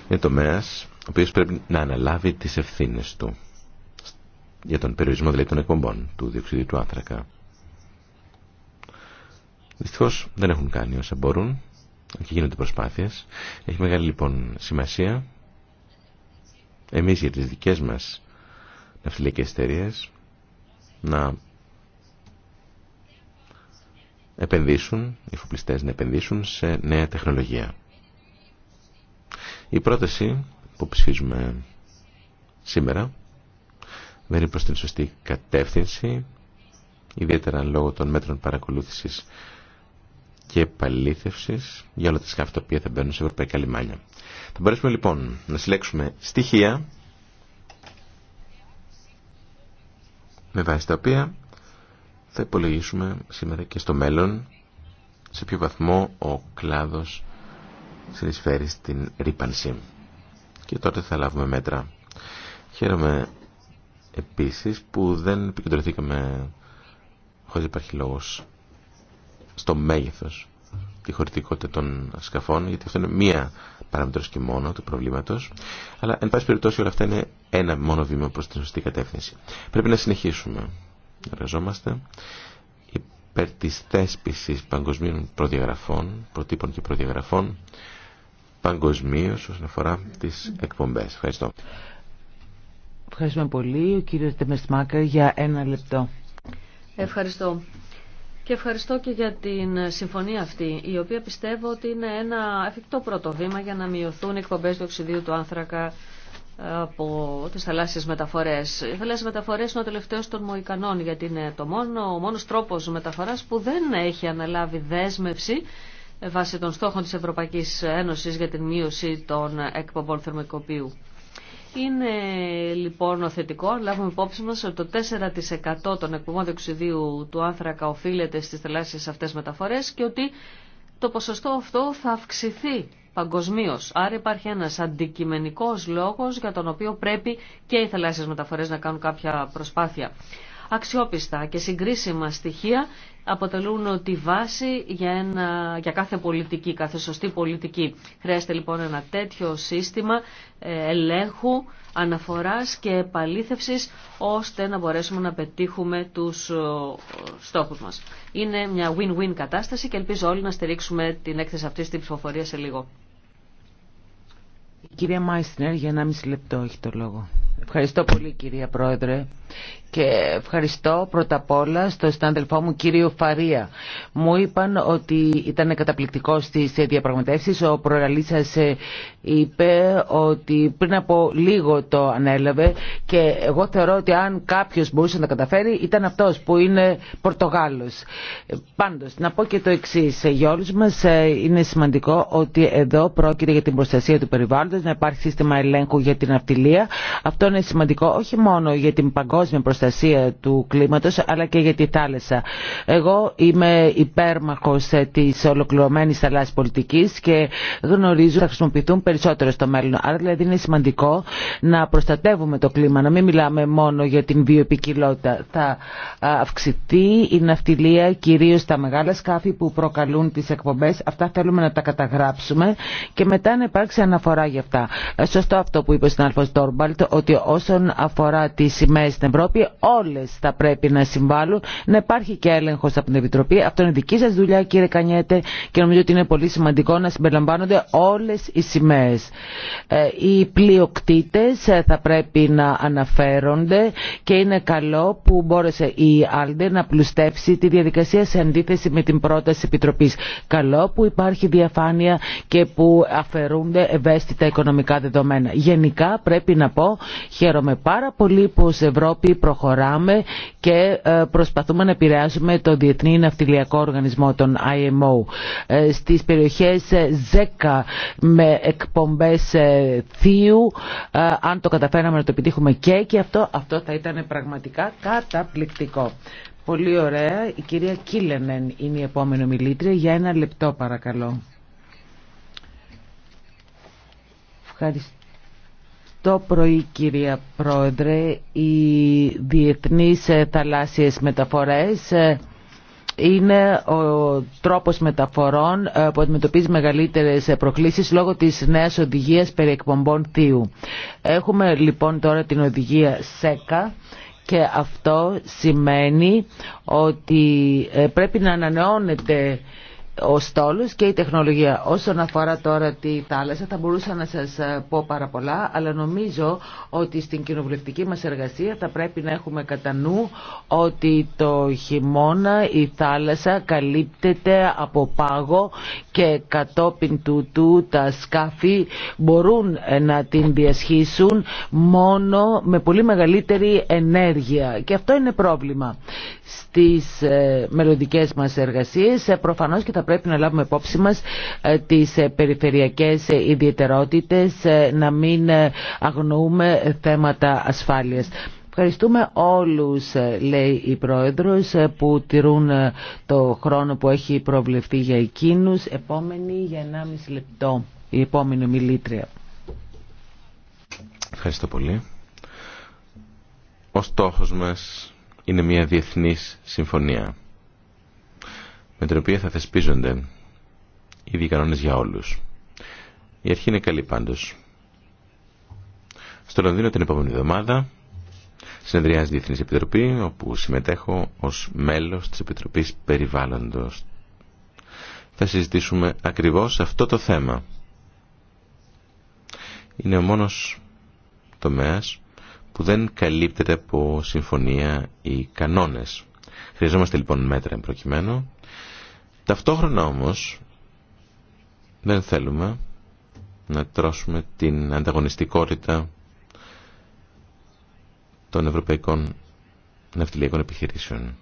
είναι τομέας ο οποίος πρέπει να αναλάβει τις ευθύνες του για τον περιορισμό δηλαδή των εκπομπών του διοξιδίου του άνθρακα. Δυστυχώς δεν έχουν κάνει όσα μπορούν και γίνονται προσπάθειες. Έχει μεγάλη λοιπόν σημασία εμείς για τις δικές μας ναυτιλιακές εταιρείε να επενδύσουν, οι φοπλιστές να επενδύσουν σε νέα τεχνολογία. Η πρόταση που ψηφίζουμε σήμερα δεν είναι προς την σωστή κατεύθυνση, ιδιαίτερα λόγω των μέτρων παρακολούθησης και επαλήθευση για όλα τα σκάφη τα οποία θα μπαίνουν σε ευρωπαϊκά λιμάνια. Θα μπορέσουμε λοιπόν να συλλέξουμε στοιχεία με βάση τα οποία θα υπολογίσουμε σήμερα και στο μέλλον σε ποιο βαθμό ο κλάδος συνεισφέρει στην ρήπανση. Και τότε θα λάβουμε μέτρα. Χαίρομαι επίσης που δεν επικεντρωθήκαμε χωρίς υπάρχει λόγος στο μέγεθος τη χωρητικότητα των σκαφών, γιατί αυτό είναι μία παράμετρος και μόνο του προβλήματος. Αλλά, εν πάση περιπτώσει, όλα αυτά είναι ένα μόνο βήμα προς την σωστή κατεύθυνση. Πρέπει να συνεχίσουμε. Εργαζόμαστε υπέρ της θέσπισης παγκοσμίων προδιαγραφών, προτύπων και προδιαγραφών, παγκοσμίω όσον αφορά τις εκπομπές. Ευχαριστώ. Ευχαριστούμε πολύ. Ο κύριος για ένα λεπτό. Ευχαριστώ. Και ευχαριστώ και για την συμφωνία αυτή, η οποία πιστεύω ότι είναι ένα εφικτό πρώτο βήμα για να μειωθούν οι εκπομπές του οξυδίου του άνθρακα ε, από τις θαλάσσιες μεταφορές. Οι θαλάσσιες μεταφορές είναι ο τελευταίος των Μοϊκανών, γιατί είναι το μόνο, ο μόνος τρόπος μεταφοράς που δεν έχει αναλάβει δέσμευση ε, βάσει των στόχων της Ευρωπαϊκής Ένωσης για την μείωση των εκπομπών θερμοκοπίου. Είναι λοιπόν θετικό, λάβουμε υπόψη μας ότι το 4% των εκπομπών διοξιδίου του άνθρακα οφείλεται στις θελάσσιες αυτές μεταφορές και ότι το ποσοστό αυτό θα αυξηθεί παγκοσμίω. Άρα υπάρχει ένας αντικειμενικός λόγος για τον οποίο πρέπει και οι θελάσσιες μεταφορές να κάνουν κάποια προσπάθεια αξιόπιστα και συγκρίσιμα στοιχεία αποτελούν τη βάση για, ένα, κάθε πολιτική, κάθε σωστή πολιτική. Χρειάζεται λοιπόν ένα τέτοιο σύστημα ε, ελέγχου, αναφοράς και επαλήθευσης ώστε να μπορέσουμε να πετύχουμε τους ε, στόχους μας. Είναι μια win-win κατάσταση και ελπίζω όλοι να στηρίξουμε την έκθεση αυτή στην ψηφοφορία σε λίγο. κυρία για μισή λεπτό έχει το λόγο. Ευχαριστώ πολύ κυρία Πρόεδρε και ευχαριστώ πρώτα απ' όλα στον συνάδελφό μου κύριο Φαρία. Μου είπαν ότι ήταν καταπληκτικό στις διαπραγματεύσεις. Ο προεργαλής σας ε, είπε ότι πριν από λίγο το ανέλαβε και εγώ θεωρώ ότι αν κάποιος μπορούσε να τα καταφέρει ήταν αυτός που είναι Πορτογάλος. Πάντως, να πω και το εξή. Ε, για όλους μας ε, είναι σημαντικό ότι εδώ πρόκειται για την προστασία του περιβάλλοντος, να υπάρχει σύστημα ελέγχου για την αυτιλία. Αυτό είναι σημαντικό όχι μόνο για την παγκόσμια προστασία προστασία του κλίματος αλλά και για τη θάλασσα. Εγώ είμαι υπέρμαχος ε, της ολοκληρωμένης θαλάσσης πολιτικής και γνωρίζω ότι θα χρησιμοποιηθούν περισσότερο στο μέλλον. Άρα δηλαδή είναι σημαντικό να προστατεύουμε το κλίμα, να μην μιλάμε μόνο για την βιοεπικιλότητα. Θα αυξηθεί η ναυτιλία κυρίως στα μεγάλα σκάφη που προκαλούν τις εκπομπές. Αυτά θέλουμε να τα καταγράψουμε και μετά να υπάρξει αναφορά για αυτά. Ε, σωστό αυτό που είπε ο συνάδελφο Ντόρμπαλτ ότι όσον αφορά τις σημαίες στην Ευρώπη όλες θα πρέπει να συμβάλλουν, να υπάρχει και έλεγχος από την Επιτροπή. Αυτό είναι δική σας δουλειά κύριε Κανιέτε και νομίζω ότι είναι πολύ σημαντικό να συμπεριλαμβάνονται όλες οι σημαίες. Ε, οι πλειοκτήτες ε, θα πρέπει να αναφέρονται και είναι καλό που μπόρεσε η Άλντε να πλουστεύσει τη διαδικασία σε αντίθεση με την πρόταση Επιτροπής. Καλό που υπάρχει διαφάνεια και που αφαιρούνται ευαίσθητα οικονομικά δεδομένα. Γενικά πρέπει να πω χαίρομαι πάρα πολύ που Ευρώπη προχωράμε και ε, προσπαθούμε να επηρεάσουμε το Διεθνή Ναυτιλιακό Οργανισμό, τον IMO. Ε, στις περιοχές ΖΕΚΑ με εκπομπές ε, θείου, αν το καταφέραμε να το επιτύχουμε και, εκεί, αυτό, αυτό θα ήταν πραγματικά καταπληκτικό. Πολύ ωραία. Η κυρία Κίλενεν είναι η επόμενη μιλήτρια. Για ένα λεπτό παρακαλώ. Ευχαριστώ το πρωί κυρία Πρόεδρε οι διεθνείς ε, θαλάσσιες μεταφορές ε, είναι ο τρόπος μεταφορών ε, που αντιμετωπίζει μεγαλύτερες προκλήσεις λόγω της νέας οδηγίας περί εκπομπών θείου. Έχουμε λοιπόν τώρα την οδηγία ΣΕΚΑ και αυτό σημαίνει ότι πρέπει να ανανεώνεται ο στόλο και η τεχνολογία. Όσον αφορά τώρα τη θάλασσα θα μπορούσα να σας ε, πω πάρα πολλά αλλά νομίζω ότι στην κοινοβουλευτική μας εργασία θα πρέπει να έχουμε κατά νου ότι το χειμώνα η θάλασσα καλύπτεται από πάγο και κατόπιν του τα σκάφη μπορούν ε, να την διασχίσουν μόνο με πολύ μεγαλύτερη ενέργεια και αυτό είναι πρόβλημα στις ε, μελλοντικές μας εργασίες. Ε, προφανώς και θα πρέπει να λάβουμε υπόψη μας ε, τις περιφερειακές ιδιαιτερότητες, να μην αγνοούμε θέματα ασφάλειας. Ευχαριστούμε όλους, λέει η Πρόεδρος, που τηρούν το χρόνο που έχει προβλεφθεί για εκείνους. Επόμενη για 1,5 λεπτό, η επόμενη μιλήτρια. Ευχαριστώ πολύ. Ο στόχος μας είναι μια διεθνής συμφωνία με την οποία θα θεσπίζονται οι κανόνες για όλους. Η αρχή είναι καλή πάντως. Στο Λονδίνο την επόμενη εβδομάδα συνεδριάζει η Διεθνής Επιτροπή όπου συμμετέχω ως μέλος της Επιτροπής Περιβάλλοντος. Θα συζητήσουμε ακριβώς αυτό το θέμα. Είναι ο μόνος τομέας που δεν καλύπτεται από συμφωνία ή κανόνες. Χρειαζόμαστε λοιπόν μέτρα εμπροκειμένου. Ταυτόχρονα όμως δεν θέλουμε να τρώσουμε την ανταγωνιστικότητα των ευρωπαϊκών ναυτιλιακών επιχειρήσεων.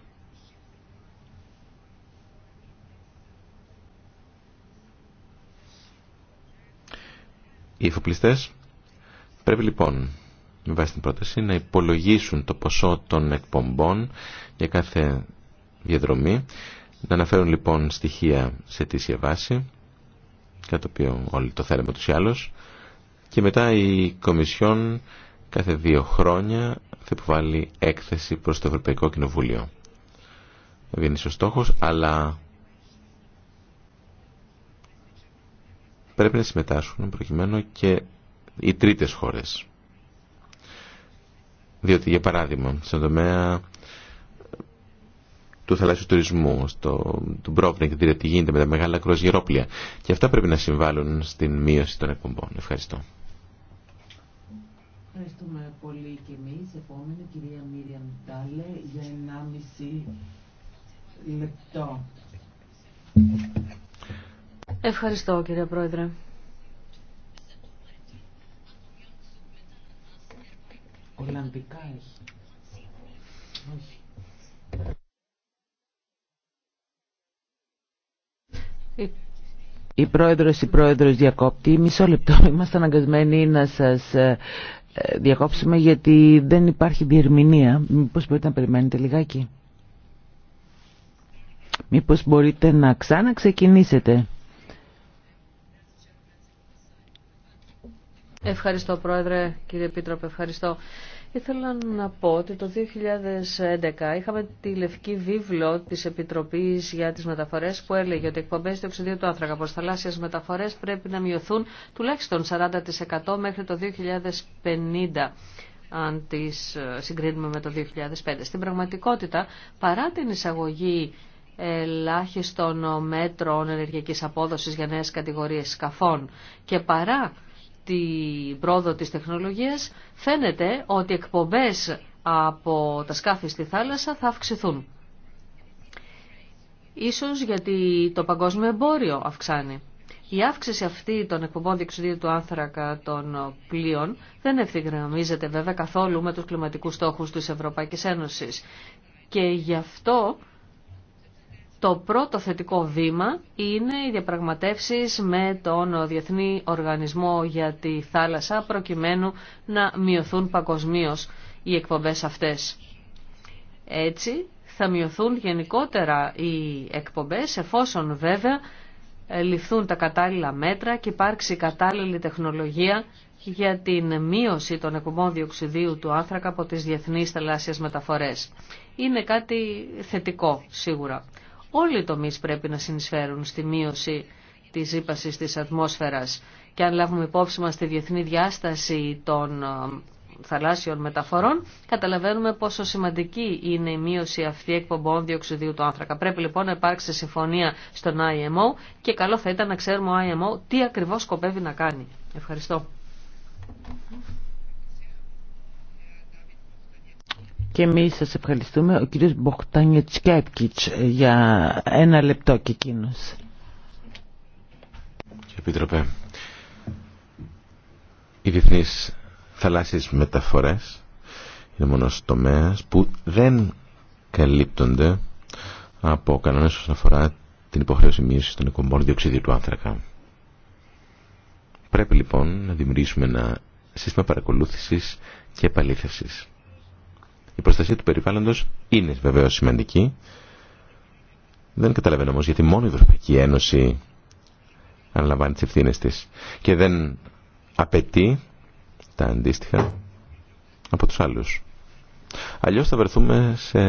Οι εφοπλιστές πρέπει λοιπόν με βάση την πρόταση να υπολογίσουν το ποσό των εκπομπών για κάθε διαδρομή. Να αναφέρουν λοιπόν στοιχεία σε αιτήσια βάση, κατά το οποίο όλοι το θέλουμε τους ή άλλως. Και μετά η και κάθε δύο χρόνια θα υποβάλει έκθεση προς το Ευρωπαϊκό Κοινοβούλιο. είναι ο στόχος, αλλά πρέπει να συμμετάσχουν προκειμένου και οι τρίτες χώρες. Διότι, για παράδειγμα, στον τομέα του θαλάσσιου τουρισμού, στο, του πρόβλημα δηλαδή τι γίνεται με τα μεγάλα κροσγερόπλια Και αυτά πρέπει να συμβάλλουν στην μείωση των εκπομπών. Ευχαριστώ. Ευχαριστούμε πολύ και εμεί. Επόμενη, κυρία Μίρια Μιτάλε, για λεπτό. Ευχαριστώ, κύριε Πρόεδρε. Ολλανδικά έχει. Όχι. Η πρόεδρος, η πρόεδρος διακόπτη, μισό λεπτό, (laughs) είμαστε αναγκασμένοι να σας ε, ε, διακόψουμε γιατί δεν υπάρχει διερμηνία. Μήπως μπορείτε να περιμένετε λιγάκι. Μήπως μπορείτε να ξαναξεκινήσετε. Ευχαριστώ Πρόεδρε, κύριε Επίτροπε, ευχαριστώ. Ήθελα να πω ότι το 2011 είχαμε τη λευκή βίβλο της Επιτροπής για τις Μεταφορές που έλεγε ότι εκπομπές του οξυδίου του άνθρακα προς θαλάσσιες μεταφορές πρέπει να μειωθούν τουλάχιστον 40% μέχρι το 2050 αν τις ε, συγκρίνουμε με το 2005. Στην πραγματικότητα, παρά την εισαγωγή ελάχιστων μέτρων ενεργειακής απόδοσης για νέες κατηγορίες σκαφών και παρά την πρόοδο της τεχνολογίας, φαίνεται ότι εκπομπές από τα σκάφη στη θάλασσα θα αυξηθούν. Ίσως γιατί το παγκόσμιο εμπόριο αυξάνει. Η αύξηση αυτή των εκπομπών διεξουδίου του άνθρακα των πλοίων δεν ευθυγραμμίζεται βέβαια καθόλου με τους κλιματικούς στόχους της Ευρωπαϊκής Ένωσης. Και γι' αυτό το πρώτο θετικό βήμα είναι οι διαπραγματεύσεις με τον Διεθνή Οργανισμό για τη Θάλασσα προκειμένου να μειωθούν παγκοσμίως οι εκπομπές αυτές. Έτσι θα μειωθούν γενικότερα οι εκπομπές εφόσον βέβαια ε, ληφθούν τα κατάλληλα μέτρα και υπάρξει κατάλληλη τεχνολογία για την μείωση των εκπομπών διοξιδίου του άνθρακα από τις διεθνείς θαλάσσιες μεταφορές. Είναι κάτι θετικό σίγουρα. Όλοι οι τομείς πρέπει να συνεισφέρουν στη μείωση της ύπασης της ατμόσφαιρας. Και αν λάβουμε υπόψη μας τη διεθνή διάσταση των ε, θαλάσσιων μεταφορών, καταλαβαίνουμε πόσο σημαντική είναι η μείωση αυτή εκπομπών διοξιδίου του άνθρακα. Πρέπει λοιπόν να υπάρξει συμφωνία στον IMO και καλό θα ήταν να ξέρουμε ο IMO τι ακριβώς σκοπεύει να κάνει. Ευχαριστώ. Και εμείς σας ευχαριστούμε. Ο κύριος Μποχτάνιο ε, για ένα λεπτό και εκείνος. Κύριε Επίτροπε, οι διεθνείς θαλάσσιες μεταφορές είναι μόνος τομέας που δεν καλύπτονται από κανόνες όσον αφορά την υποχρέωση μείωση των εκπομπών διοξιδίου του άνθρακα. Πρέπει λοιπόν να δημιουργήσουμε ένα σύστημα παρακολούθησης και επαλήθευσης. Η προστασία του περιβάλλοντος είναι βεβαίω σημαντική. Δεν καταλαβαίνω όμω, γιατί μόνο η Ευρωπαϊκή Ένωση αναλαμβάνει τι ευθύνε τη και δεν απαιτεί τα αντίστοιχα από τους άλλους. Αλλιώς θα βρεθούμε σε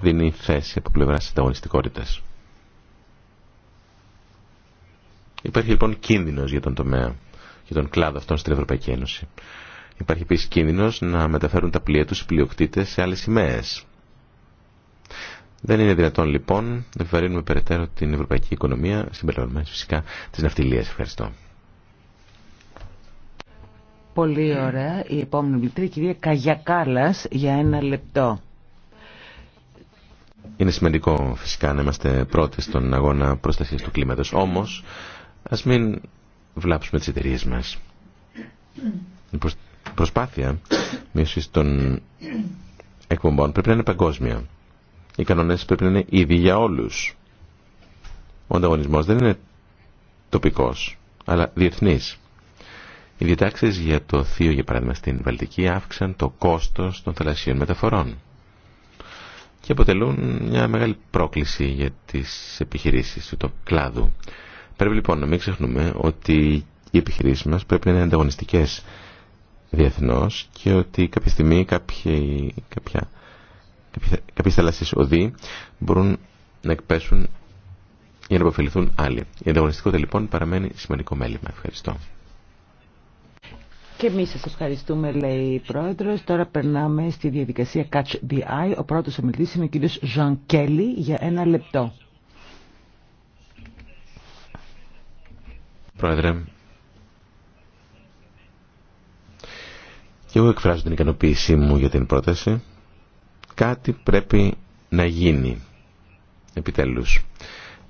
δινή θέση από πλευρά ανταγωνιστικότητα. Υπάρχει λοιπόν κίνδυνος για τον τομέα, για τον κλάδο αυτόν στην Ευρωπαϊκή Ένωση. Υπάρχει επίση κίνδυνο να μεταφέρουν τα πλοία του οι σε άλλε σημαίες. Δεν είναι δυνατόν λοιπόν να επιβαρύνουμε περαιτέρω την ευρωπαϊκή οικονομία συμπεριλαμβανομένη φυσικά τη ναυτιλίας. Ευχαριστώ. Πολύ ωραία. Η επόμενη μιλητήρια, κυρία Καγιακάλα για ένα λεπτό. Είναι σημαντικό φυσικά να είμαστε πρώτοι στον αγώνα προστασία του κλίματος. Όμως, ας μην βλάψουμε τι εταιρείε μα προσπάθεια μείωσης των εκπομπών πρέπει να είναι παγκόσμια. Οι κανόνες πρέπει να είναι ίδιοι για όλους. Ο ανταγωνισμός δεν είναι τοπικός, αλλά διεθνής. Οι διατάξεις για το θείο, για παράδειγμα, στην Βαλτική αύξαν το κόστος των θαλασσίων μεταφορών και αποτελούν μια μεγάλη πρόκληση για τις επιχειρήσεις του κλάδου. Πρέπει λοιπόν να μην ξεχνούμε ότι οι επιχειρήσεις μας πρέπει να είναι ανταγωνιστικές διεθνώς και ότι κάποια στιγμή κάποιοι, κάποιες θαλάσσιες οδοί μπορούν να εκπέσουν για να υποφεληθούν άλλοι. Η ανταγωνιστικότητα λοιπόν παραμένει σημαντικό μέλημα. Ευχαριστώ. Και εμεί σα ευχαριστούμε, λέει η πρόεδρο. Τώρα περνάμε στη διαδικασία Catch the Eye. Ο πρώτο ομιλητή είναι ο κύριο Ζαν Κέλλη για ένα λεπτό. Πρόεδρε, Και εγώ εκφράζω την ικανοποίησή μου για την πρόταση. Κάτι πρέπει να γίνει, επιτέλους,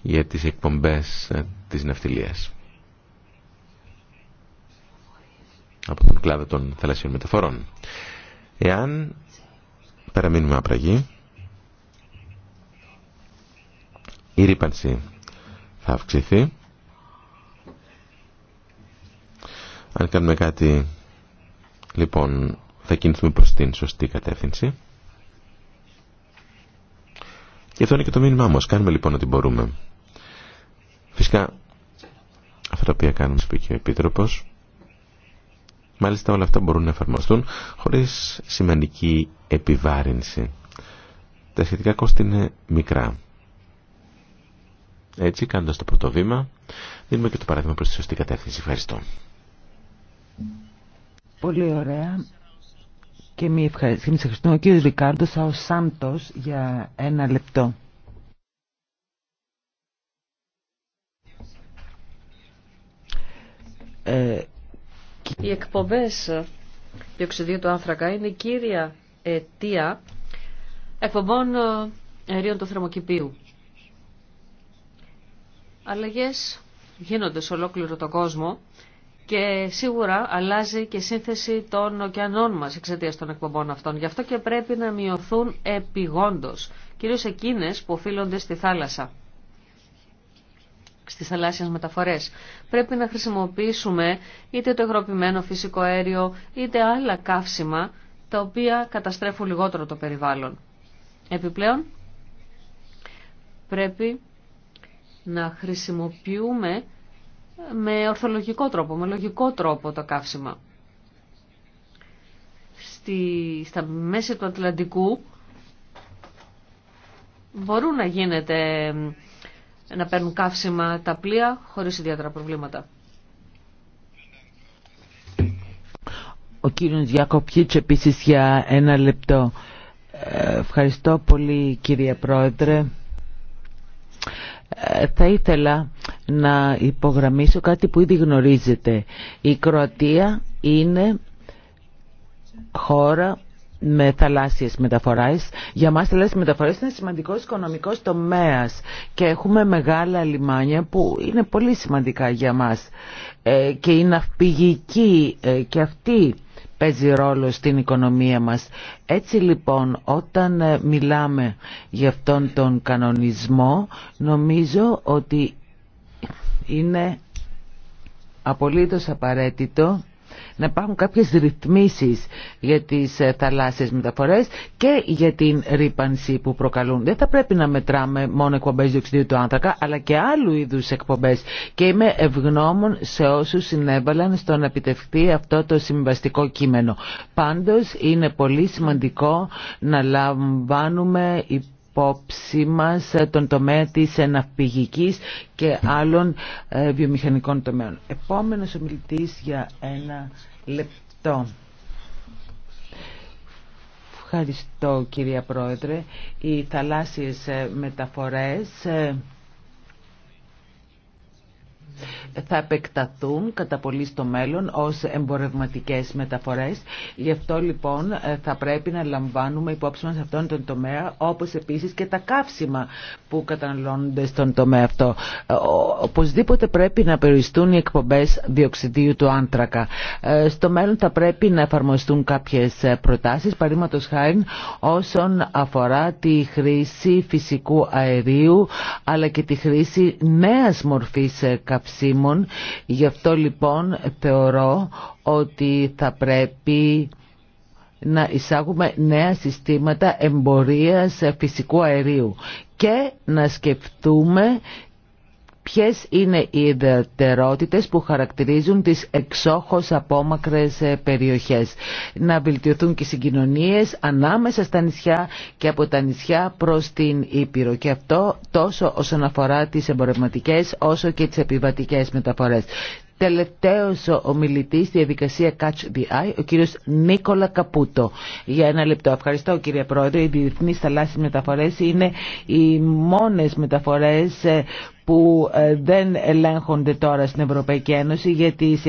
για τις εκπομπές ε, της ναυτιλίας. Από τον κλάδο των θαλασσιών μεταφορών. Εάν παραμείνουμε απραγή η ρήπανση θα αυξηθεί. Αν κάνουμε κάτι Λοιπόν, θα κινηθούμε προς την σωστή κατεύθυνση. Και αυτό είναι και το μήνυμά μας. Κάνουμε λοιπόν ό,τι μπορούμε. Φυσικά, αυτά τα οποία κάνουμε, είπε και ο Επίτροπος, μάλιστα όλα αυτά μπορούν να εφαρμοστούν χωρίς σημαντική επιβάρυνση. Τα σχετικά κόστη είναι μικρά. Έτσι, κάνοντας το πρώτο βήμα, δίνουμε και το παράδειγμα προς τη σωστή κατεύθυνση. Ευχαριστώ. Πολύ ωραία. Και μη ευχαριστούμε ο κύριος Ρικάρντο ο Σάντος για ένα λεπτό. Ε, Οι εκπομπές διοξιδίου του άνθρακα είναι η κύρια αιτία εκπομπών ε, αερίων του θερμοκηπίου. Αλλαγές γίνονται σε ολόκληρο τον κόσμο και σίγουρα αλλάζει και σύνθεση των ωκεανών μας εξαιτία των εκπομπών αυτών. Γι' αυτό και πρέπει να μειωθούν επιγόντως, κυρίως εκείνες που οφείλονται στη θάλασσα στις θαλάσσιες μεταφορές. Πρέπει να χρησιμοποιήσουμε είτε το υγροποιημένο φυσικό αέριο, είτε άλλα καύσιμα, τα οποία καταστρέφουν λιγότερο το περιβάλλον. Επιπλέον, πρέπει να χρησιμοποιούμε με ορθολογικό τρόπο, με λογικό τρόπο το καύσιμα. Στη, στα μέση του Ατλαντικού μπορούν να γίνεται να παίρνουν καύσιμα τα πλοία χωρίς ιδιαίτερα προβλήματα. Ο κύριος Διάκοπιτς επίσης για ένα λεπτό. Ε, ευχαριστώ πολύ κύριε Πρόεδρε. Ε, θα ήθελα να υπογραμμίσω κάτι που ήδη γνωρίζετε. Η Κροατία είναι χώρα με θαλάσσιες μεταφορές. Για μας θαλάσσιες μεταφορές είναι σημαντικός οικονομικός τομέας και έχουμε μεγάλα λιμάνια που είναι πολύ σημαντικά για μας ε, και είναι ναυπηγική ε, και αυτή παίζει ρόλο στην οικονομία μας. Έτσι λοιπόν όταν ε, μιλάμε για αυτόν τον κανονισμό νομίζω ότι είναι απολύτως απαραίτητο να υπάρχουν κάποιες ρυθμίσεις για τις ε, θαλάσσιες μεταφορές και για την ρήπανση που προκαλούν. Δεν θα πρέπει να μετράμε μόνο εκπομπές διοξιδίου του άνθρακα, αλλά και άλλου είδους εκπομπές. Και είμαι ευγνώμων σε όσους συνέβαλαν στο να επιτευχθεί αυτό το συμβαστικό κείμενο. Πάντως είναι πολύ σημαντικό να λαμβάνουμε υπόψη μας ε, τον τομέα της εναυπηγική και άλλων ε, βιομηχανικών τομέων. Επόμενος ομιλητής για ένα λεπτό. Ευχαριστώ κυρία Πρόεδρε. Οι θαλάσσιες ε, μεταφορές θα επεκταθούν κατά πολύ στο μέλλον ως εμπορευματικές μεταφορές. Γι' αυτό λοιπόν ε, θα πρέπει να λαμβάνουμε υπόψη μας αυτόν τον τομέα όπως επίσης και τα καύσιμα που καταναλώνονται στον τομέα αυτό. Ε, οπωσδήποτε πρέπει να περιοριστούν οι εκπομπές διοξιδίου του άνθρακα. Ε, στο μέλλον θα πρέπει να εφαρμοστούν κάποιες προτάσεις, παρήματος χάρη όσον αφορά τη χρήση φυσικού αερίου αλλά και τη χρήση νέας μορφής καυσίμων. Γι' αυτό λοιπόν θεωρώ ότι θα πρέπει να εισάγουμε νέα συστήματα εμπορίας φυσικού αερίου και να σκεφτούμε ποιες είναι οι ιδιαιτερότητες που χαρακτηρίζουν τις εξόχως απόμακρες ε, περιοχές. Να βελτιωθούν και οι συγκοινωνίες ανάμεσα στα νησιά και από τα νησιά προς την Ήπειρο. Και αυτό τόσο όσον αφορά τις εμπορευματικές όσο και τις επιβατικές μεταφορές. Τελευταίος ο μιλητής στη διαδικασία Catch the Eye, ο κύριος Νίκολα Καπούτο. Για ένα λεπτό. Ευχαριστώ κύριε Πρόεδρε. Οι διεθνείς θαλάσσιες μεταφορές είναι οι μόνες μεταφορές ε, που ε, δεν ελέγχονται τώρα στην Ευρωπαϊκή Ένωση για τις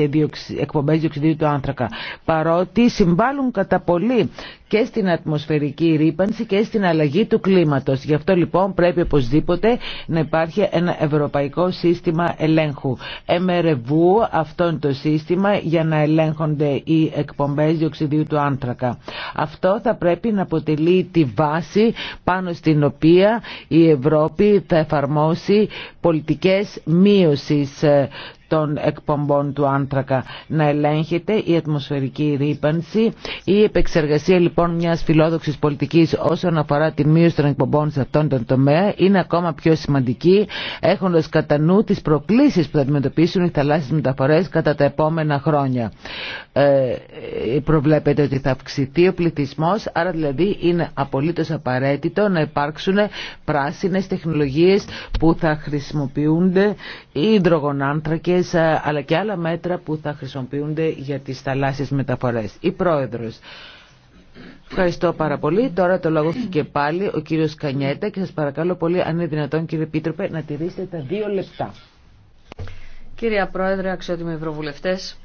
εκπομπές διοξιδίου του άνθρακα παρότι συμβάλλουν κατά πολύ και στην ατμοσφαιρική ρήπανση και στην αλλαγή του κλίματος. Γι' αυτό λοιπόν πρέπει οπωσδήποτε να υπάρχει ένα ευρωπαϊκό σύστημα ελέγχου. Εμερεβού αυτό είναι το σύστημα για να ελέγχονται οι εκπομπές διοξιδίου του άνθρακα. Αυτό θα πρέπει να αποτελεί τη βάση πάνω στην οποία η Ευρώπη θα εφαρμόσει πολιτικές μείωσης ε, των εκπομπών του άνθρακα να ελέγχεται η ατμοσφαιρική ρήπανση η επεξεργασία λοιπόν μιας φιλόδοξης πολιτικής όσον αφορά τη μείωση των εκπομπών σε αυτόν τον τομέα είναι ακόμα πιο σημαντική έχοντας κατά νου τις προκλήσεις που θα αντιμετωπίσουν οι θαλάσσιες μεταφορές κατά τα επόμενα χρόνια. Ε, προβλέπεται ότι θα αυξηθεί ο πληθυσμός άρα δηλαδή είναι απολύτως απαραίτητο να υπάρξουν πράσινες τεχνολογίες που θα χρησιμοποιούνται οι υδρογονάνθρακες ε, αλλά και άλλα μέτρα που θα χρησιμοποιούνται για τις θαλάσσιες μεταφορές. Η Πρόεδρος. Ευχαριστώ πάρα πολύ. Τώρα το λόγο και πάλι ο κύριος Κανιέτα και σας παρακαλώ πολύ αν είναι δυνατόν κύριε Πίτροπε να τηρήσετε τα δύο λεπτά. Κύριε Πρόεδρε, αξιότιμοι Ευρωβουλευτές,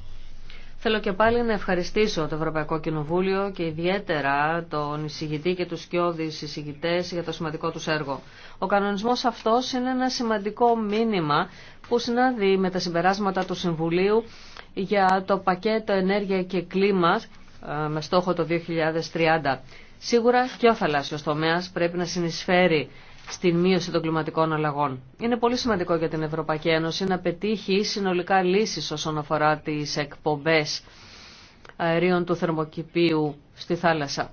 Θέλω και πάλι να ευχαριστήσω το Ευρωπαϊκό Κοινοβούλιο και ιδιαίτερα τον εισηγητή και τους σκιώδεις εισηγητές για το σημαντικό τους έργο. Ο κανονισμός αυτός είναι ένα σημαντικό μήνυμα που συνάδει με τα συμπεράσματα του Συμβουλίου για το πακέτο ενέργεια και κλίμα ε, με στόχο το 2030. Σίγουρα και ο θαλάσσιος τομέας πρέπει να συνεισφέρει στην μείωση των κλιματικών αλλαγών. Είναι πολύ σημαντικό για την Ευρωπαϊκή Ένωση να πετύχει συνολικά λύσεις όσον αφορά τις εκπομπές αερίων του θερμοκηπίου στη θάλασσα.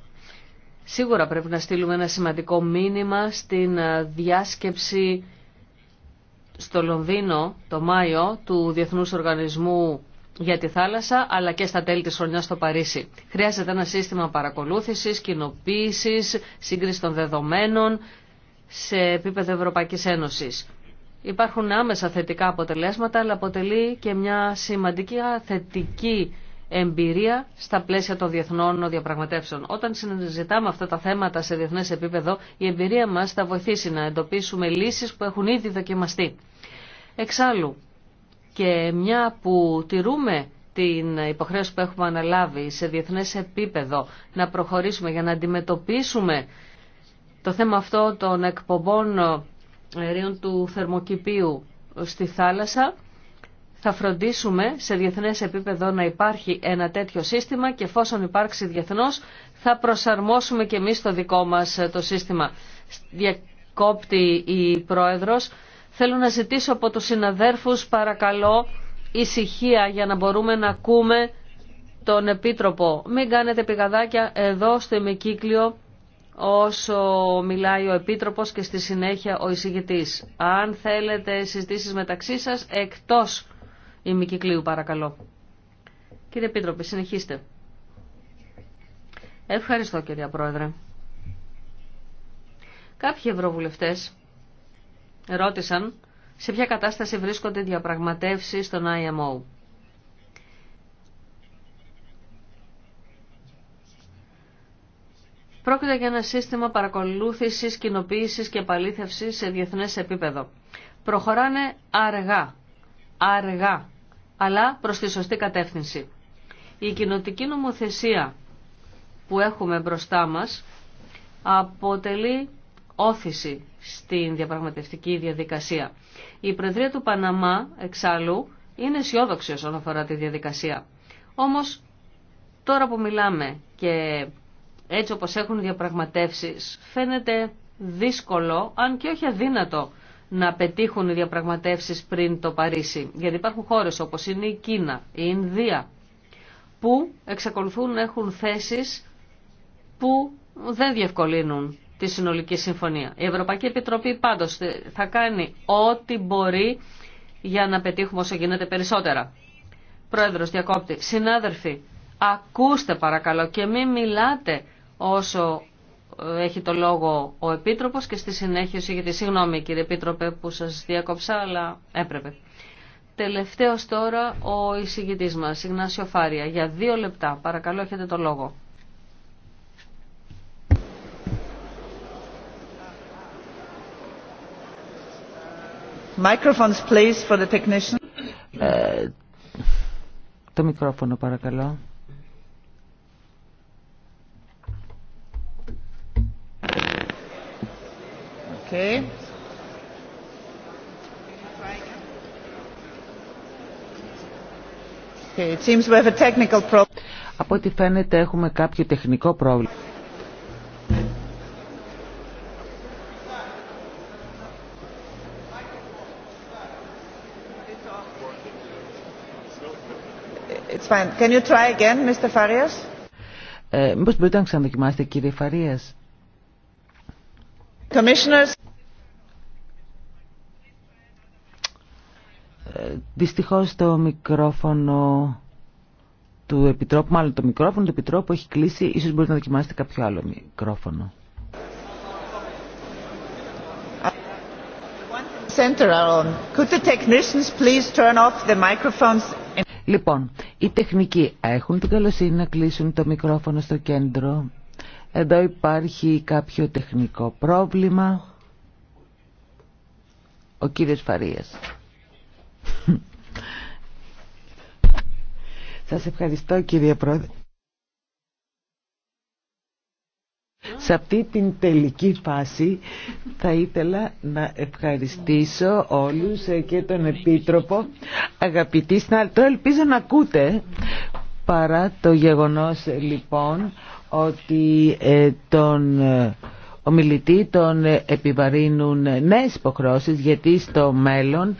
Σίγουρα πρέπει να στείλουμε ένα σημαντικό μήνυμα στην διάσκεψη στο Λονδίνο το Μάιο του Διεθνούς Οργανισμού για τη θάλασσα, αλλά και στα τέλη της χρονιάς στο Παρίσι. Χρειάζεται ένα σύστημα παρακολούθησης, κοινοποίησης, σύγκριση των δεδομένων, σε επίπεδο Ευρωπαϊκής Ένωσης. Υπάρχουν άμεσα θετικά αποτελέσματα, αλλά αποτελεί και μια σημαντική θετική εμπειρία στα πλαίσια των διεθνών διαπραγματεύσεων. Όταν συζητάμε αυτά τα θέματα σε διεθνές επίπεδο, η εμπειρία μας θα βοηθήσει να εντοπίσουμε λύσεις που έχουν ήδη δοκιμαστεί. Εξάλλου, και μια που τηρούμε την υποχρέωση που έχουμε αναλάβει σε διεθνές επίπεδο να προχωρήσουμε για να αντιμετωπίσουμε το θέμα αυτό των εκπομπών ε, αερίων του θερμοκηπίου στη θάλασσα θα φροντίσουμε σε διεθνές επίπεδο να υπάρχει ένα τέτοιο σύστημα και εφόσον υπάρξει διεθνώς θα προσαρμόσουμε και εμείς το δικό μας ε, το σύστημα. Διακόπτη η Πρόεδρος. Θέλω να ζητήσω από τους συναδέρφους παρακαλώ ησυχία για να μπορούμε να ακούμε τον Επίτροπο. Μην κάνετε πηγαδάκια εδώ στο ημικύκλιο όσο μιλάει ο Επίτροπος και στη συνέχεια ο εισηγητής. Αν θέλετε συζητήσεις μεταξύ σας, εκτός ημικυκλίου παρακαλώ. Κύριε Επίτροπε, συνεχίστε. Ευχαριστώ κυρία Πρόεδρε. Κάποιοι ευρωβουλευτές ρώτησαν σε ποια κατάσταση βρίσκονται διαπραγματεύσεις στον IMO. Πρόκειται για ένα σύστημα παρακολούθησης, κοινοποίηση και επαλήθευσης σε διεθνές επίπεδο. Προχωράνε αργά, αργά, αλλά προς τη σωστή κατεύθυνση. Η κοινοτική νομοθεσία που έχουμε μπροστά μας αποτελεί όθηση στην διαπραγματευτική διαδικασία. Η Προεδρία του Παναμά, εξάλλου, είναι αισιόδοξη όσον αφορά τη διαδικασία. Όμως, τώρα που μιλάμε και έτσι όπως έχουν διαπραγματεύσεις, φαίνεται δύσκολο, αν και όχι αδύνατο, να πετύχουν οι διαπραγματεύσεις πριν το Παρίσι. Γιατί υπάρχουν χώρες όπως είναι η Κίνα, η Ινδία, που εξακολουθούν να έχουν θέσεις που δεν διευκολύνουν τη συνολική συμφωνία. Η Ευρωπαϊκή Επιτροπή πάντως θα κάνει ό,τι μπορεί για να πετύχουμε όσο γίνεται περισσότερα. Πρόεδρος Διακόπτη, συνάδελφοι, ακούστε παρακαλώ και μην μιλάτε όσο ε, έχει το λόγο ο Επίτροπος και στη συνέχεια γιατί συγγνώμη κύριε Επίτροπε που σας διακόψα αλλά έπρεπε. Τελευταίος τώρα ο εισηγητής μας, Ιγνάσιο Φάρια, για δύο λεπτά. Παρακαλώ έχετε το λόγο. Microphones, for the technician. Ε, το μικρόφωνο παρακαλώ. Okay. Okay, it seems we have a technical problem. Από ό,τι φαίνεται έχουμε κάποιο τεχνικό πρόβλημα. It's fine. Can you try again, Mr. Farias? Ε, μήπως μπορείτε να ξαναδοκιμάσετε, κύριε Φαρίας. Commissioners. Ε, δυστυχώς το μικρόφωνο του Επιτρόπου, μάλλον το μικρόφωνο του Επιτρόπου έχει κλείσει, ίσως μπορείτε να δοκιμάσετε κάποιο άλλο μικρόφωνο. Λοιπόν, οι τεχνικοί έχουν την καλοσύνη να κλείσουν το μικρόφωνο στο κέντρο εδώ υπάρχει κάποιο τεχνικό πρόβλημα. Ο κύριος Φαρίας. Σας ευχαριστώ κύριε Πρόεδρε. Σε αυτή την τελική φάση θα ήθελα να ευχαριστήσω όλους και τον Επίτροπο. Αγαπητοί συνάδελφοι, ελπίζω να ακούτε παρά το γεγονός λοιπόν ότι ε, τον ε, ομιλητή τον ε, επιβαρύνουν νέες υποχρεώσει γιατί στο μέλλον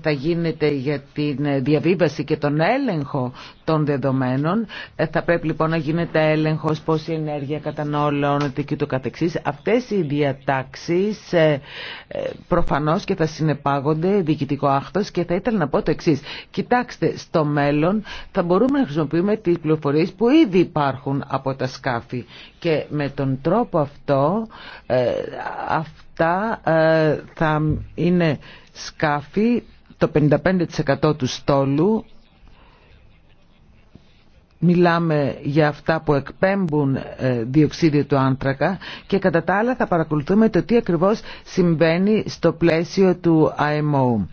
θα γίνεται για την διαβίβαση και τον έλεγχο των δεδομένων. Ε, θα πρέπει λοιπόν να γίνεται έλεγχος η ενέργεια κατανόλωνεται και το καθεξής. Αυτές οι διατάξεις ε, ε, προφανώς και θα συνεπάγονται διοικητικό άκτος και θα ήθελα να πω το εξή. Κοιτάξτε, στο μέλλον θα μπορούμε να χρησιμοποιούμε τις πληροφορίες που ήδη υπάρχουν από τα σκάφη και με τον τρόπο αυτό αυτά θα είναι σκάφη το 55% του στόλου μιλάμε για αυτά που εκπέμπουν ε, διοξίδιο του άνθρακα και κατά τα άλλα θα παρακολουθούμε το τι ακριβώς συμβαίνει στο πλαίσιο του IMO.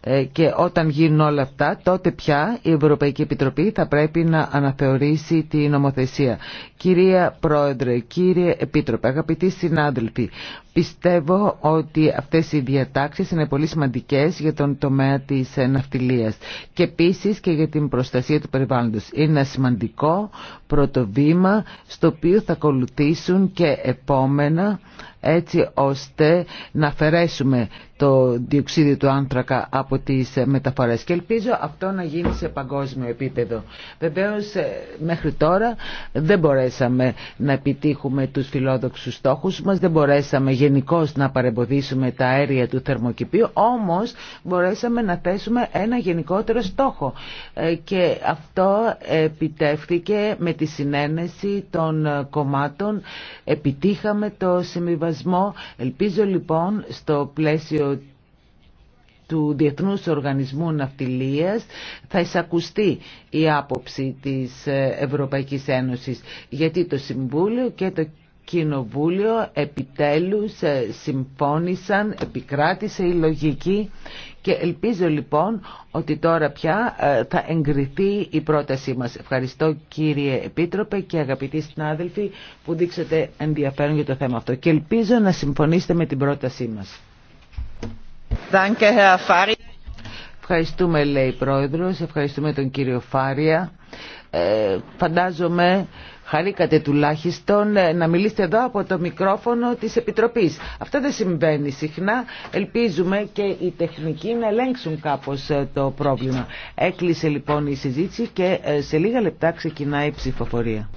Ε, και όταν γίνουν όλα αυτά, τότε πια η Ευρωπαϊκή Επιτροπή θα πρέπει να αναθεωρήσει τη νομοθεσία. Κυρία Πρόεδρε, κύριε Επίτροπε, αγαπητοί συνάδελφοι, Πιστεύω ότι αυτές οι διατάξεις είναι πολύ σημαντικές για τον τομέα της ε, ναυτιλίας και επίση και για την προστασία του περιβάλλοντος. Είναι ένα σημαντικό πρωτοβήμα στο οποίο θα ακολουθήσουν και επόμενα έτσι ώστε να αφαιρέσουμε το διοξίδιο του άνθρακα από τις ε, μεταφορές και ελπίζω αυτό να γίνει σε παγκόσμιο επίπεδο. Βεβαίως ε, μέχρι τώρα δεν μπορέσαμε να επιτύχουμε τους φιλόδοξους στόχους μας, δεν μπορέσαμε γενικώ να παρεμποδίσουμε τα αέρια του θερμοκηπίου, όμως μπορέσαμε να θέσουμε ένα γενικότερο στόχο ε, και αυτό επιτεύχθηκε με τη συνένεση των κομμάτων, επιτύχαμε το συμβιβασμό. Ελπίζω λοιπόν στο πλαίσιο του Διεθνούς Οργανισμού Ναυτιλίας θα εισακουστεί η άποψη της Ευρωπαϊκής Ένωσης γιατί το Συμβούλιο και το Κοινοβούλιο επιτέλους ε, συμφώνησαν, επικράτησε η λογική και ελπίζω λοιπόν ότι τώρα πια ε, θα εγκριθεί η πρότασή μας. Ευχαριστώ κύριε Επίτροπε και αγαπητοί συνάδελφοι που δείξατε ενδιαφέρον για το θέμα αυτό και ελπίζω να συμφωνήσετε με την πρότασή μας. Ευχαριστούμε λέει η Πρόεδρος, ευχαριστούμε τον κύριο Φάρια. Ε, φαντάζομαι Χαρήκατε τουλάχιστον ε, να μιλήσετε εδώ από το μικρόφωνο της Επιτροπής. Αυτό δεν συμβαίνει συχνά. Ελπίζουμε και οι τεχνικοί να ελέγξουν κάπως ε, το πρόβλημα. Έκλεισε λοιπόν η συζήτηση και ε, σε λίγα λεπτά ξεκινάει η ψηφοφορία.